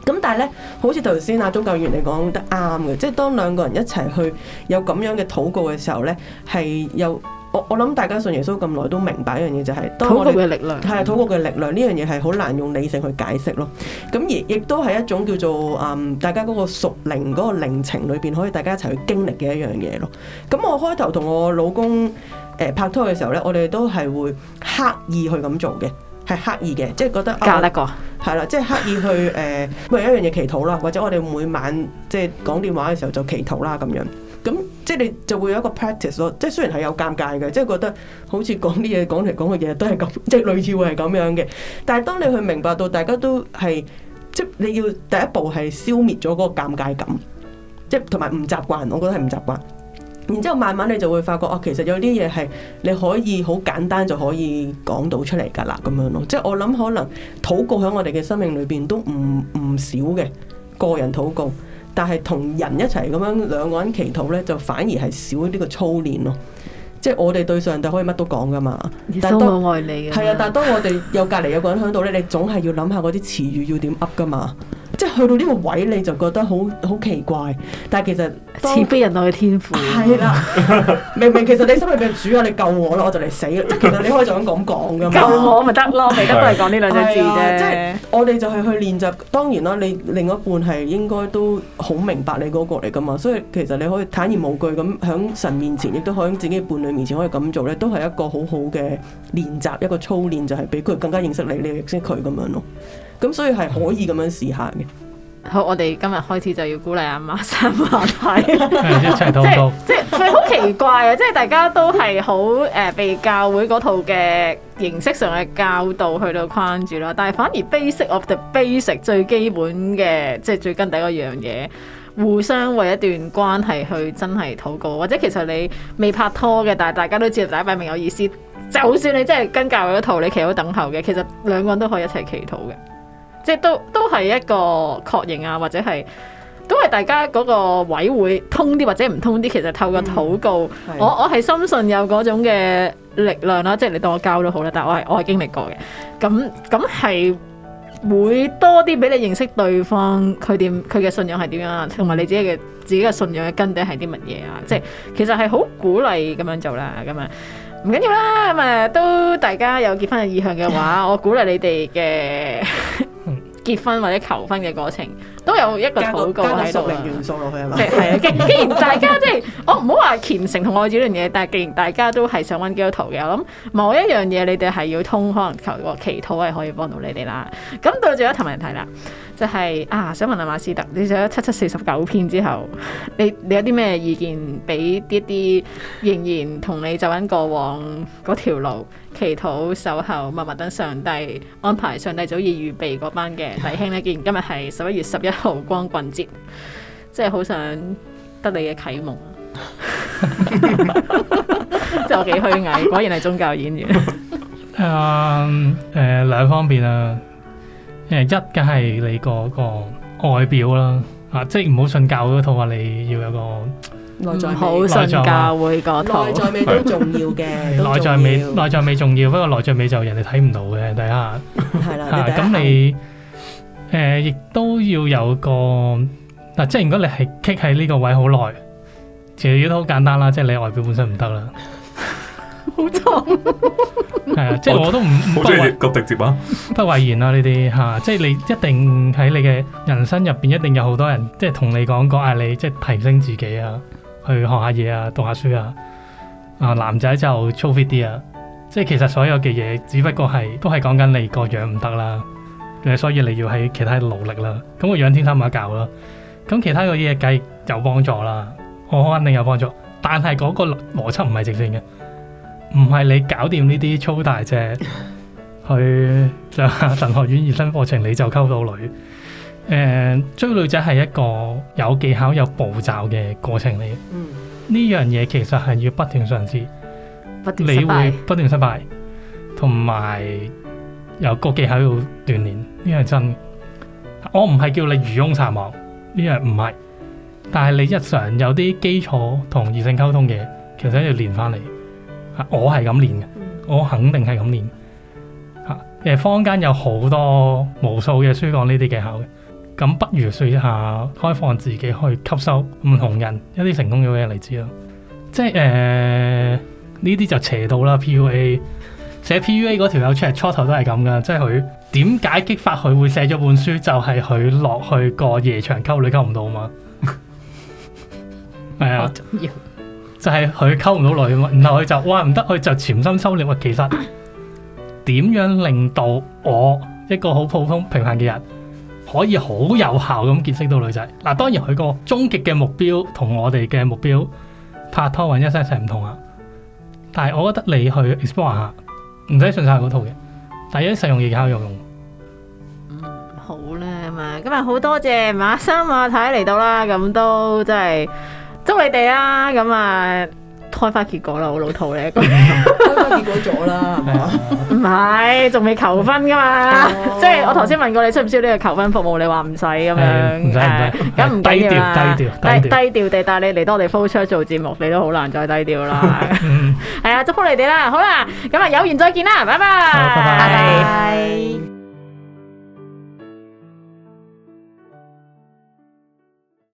咁但係咧，好似頭先啊，宗教演員嚟講得啱嘅，即係當兩個人一齊去有咁樣嘅禱告嘅時候咧，係有。我我諗大家信耶穌咁耐都明白一樣嘢就係，禱告嘅力量，係啊，禱告嘅力量呢樣嘢係好難用理性去解釋咯。咁而亦都係一種叫做嗯，大家嗰個屬靈嗰個靈情裏邊可以大家一齊去經歷嘅一樣嘢咯。咁我開頭同我老公誒拍拖嘅時候咧，我哋都係會刻意去咁做嘅，係刻意嘅，即係覺得教得過，係啦，即係刻意去誒，為一樣嘢祈禱啦，或者我哋每晚即係講電話嘅時候就祈禱啦，咁樣。咁、嗯、即係你就會有一個 practice 咯，即係雖然係有尷尬嘅，即係覺得好似講啲嘢講嚟講嘅嘢都係咁，即係類似會係咁樣嘅。但係當你去明白到大家都係，即係你要第一步係消滅咗嗰個尷尬感，即係同埋唔習慣，我覺得係唔習慣。然之後慢慢你就會發覺哦，其實有啲嘢係你可以好簡單就可以講到出嚟噶啦，咁樣咯。即係我諗可能禱告喺我哋嘅生命裏邊都唔唔少嘅個人禱告。但係同人一齊咁樣兩個人祈禱咧，就反而係少呢個操練咯。即係我哋對上帝可以乜都講噶嘛，但都係當係啊，但係當我哋有隔離有個人喺度咧， *laughs* 你總係要諗下嗰啲詞語要點噏噶嘛。即係去到呢個位，你就覺得好好奇怪。但係其實賜俾人類嘅天賦係啦，明明其實你心入邊主啊，你救我啦，我就嚟死。即係其實你可以就咁講噶嘛，救我咪得咯。你而家都係講呢兩字啫。即係我哋就係去練習。當然啦，你另一半係應該都好明白你嗰個嚟噶嘛。所以其實你可以坦然無懼咁響神面前，亦都響自己伴侶面前可以咁做咧，都係一個好好嘅練習，一個操練，就係俾佢更加認識你，你亦認識佢咁樣咯。咁所以係可以咁樣試下嘅。好，我哋今日開始就要鼓勵阿馬生話：一齊禱告，即係即係，好奇怪啊！即係大家都係好誒，被、呃、教會嗰套嘅形式上嘅教導去到框住啦。但係反而 basic of the basic 最基本嘅，即係最根底嗰樣嘢，互相為一段關係去真係禱告，或者其實你未拍拖嘅，但係大家都知道大家擺明有意思。就算你真係跟教會嗰套，你祈禱等候嘅，其實兩個人都可以一齊祈禱嘅。即係都都係一個確認啊，或者係都係大家嗰個位會通啲或者唔通啲，其實透過禱告，我我係深信有嗰種嘅力量啦。即係你當我教都好啦，但係我係我係經歷過嘅。咁咁係會多啲俾你認識對方，佢點佢嘅信仰係點樣啊，同埋你自己嘅自己嘅信仰嘅根底係啲乜嘢啊？即係其實係好鼓勵咁樣做啦，咁樣。唔緊要啦，咁誒都大家有結婚嘅意向嘅話，我鼓勵你哋嘅。結婚或者求婚嘅過程，都有一個禱告喺度。係啊！ *laughs* 既然大家即係，我唔好話虔誠同愛主呢樣嘢，但係既然大家都係想揾基督徒嘅，我諗某一樣嘢你哋係要通，可能求個祈禱係可以幫到你哋啦。咁到咗最後一個問題啦，就係、是、啊，想問下馬斯特，你寫咗七七四十九篇之後，你你有啲咩意見俾啲啲仍然同你走緊過往嗰條路？祈禱守候，默默等上帝安排。上帝早已預備嗰班嘅弟兄呢。既然今日係十一月十一號光棍節，即係好想得你嘅啟蒙。即係我幾虛偽，果然係宗教演員。啊，誒，兩方面啊，一嘅係你個外表啦，啊，即係唔好信教嗰套話你要有個。內在好實在嘛？內在美都重要嘅。內在美，內在美重要，不過內在美就人哋睇唔到嘅。大家係啦，咁你誒，亦都要有個嗱，即係如果你係棘喺呢個位好耐，其實都好簡單啦。即係你外表本身唔得啦，好慘。係啊，即係我都唔好直接咁直接啊，不諱言啦呢啲吓，即係你一定喺你嘅人生入邊，一定有好多人即係同你講講，嗌你即係提升自己啊。去學下嘢啊，讀下書啊，啊男仔就粗啲啊，即係其實所有嘅嘢只不過係都係講緊你個樣唔得啦，所以你要喺其他努力啦。咁個樣天生唔得教啦，咁其他嘅嘢梗有幫助啦，我肯定有幫助，但係嗰個邏輯唔係直線嘅，唔係你搞掂呢啲粗大隻，去上神學院熱身課程你就溝到女。誒、uh，追女仔係一個有技巧有步驟嘅過程嚟嘅，嗯，呢樣嘢其實係要不斷嘗試，不斷失不斷失敗，同埋有，有個技巧要鍛鍊，呢樣真，我唔係叫你漁翁撒網，呢樣唔係，但係你日常有啲基礎同異性溝通嘅，其實都要練翻嚟。我係咁練嘅，我肯定係咁練。嚇、啊，坊間有好多無數嘅書講呢啲技巧嘅。咁不如說一下開放自己去吸收唔同人一啲成功嘅例子咯，即係誒呢啲就邪道啦。P U A 寫 P U A 嗰條友出嚟初頭都係咁噶，即係佢點解激發佢會寫咗本書？就係佢落去個夜場溝女溝唔到嘛，係 *laughs* 啊 *laughs* Yeah,，就係佢溝唔到女嘛，然後佢就哇，唔得，佢就潛心修煉。其實點樣令到我一個好普通平凡嘅人？可以好有效咁結識到女仔嗱，當然佢個終極嘅目標同我哋嘅目標拍拖揾一世一齊唔同啊，但係我覺得你去 explore 下，唔使信晒嗰套嘅，但係一啲實用嘢靠用用、嗯。嗯，好啦嘛，今日好多謝馬生馬太嚟到啦，咁都真係祝你哋啦，咁啊。開花結果啦，我老土你一個人。開花 *laughs* 結果咗啦，係 *laughs* 嘛？唔係，仲未求婚噶嘛？即係我頭先問過你，需唔需要呢個求婚服務？你話唔使咁樣。唔使唔使，咁唔緊要啦低，低調，低調，低低調地帶你嚟到我哋 focus、er、做節目，你都好難再低調啦。係 *laughs* *laughs* *laughs* 啊，祝福你哋啦！好啦，咁啊有緣再見啦，拜拜。拜拜。 *laughs*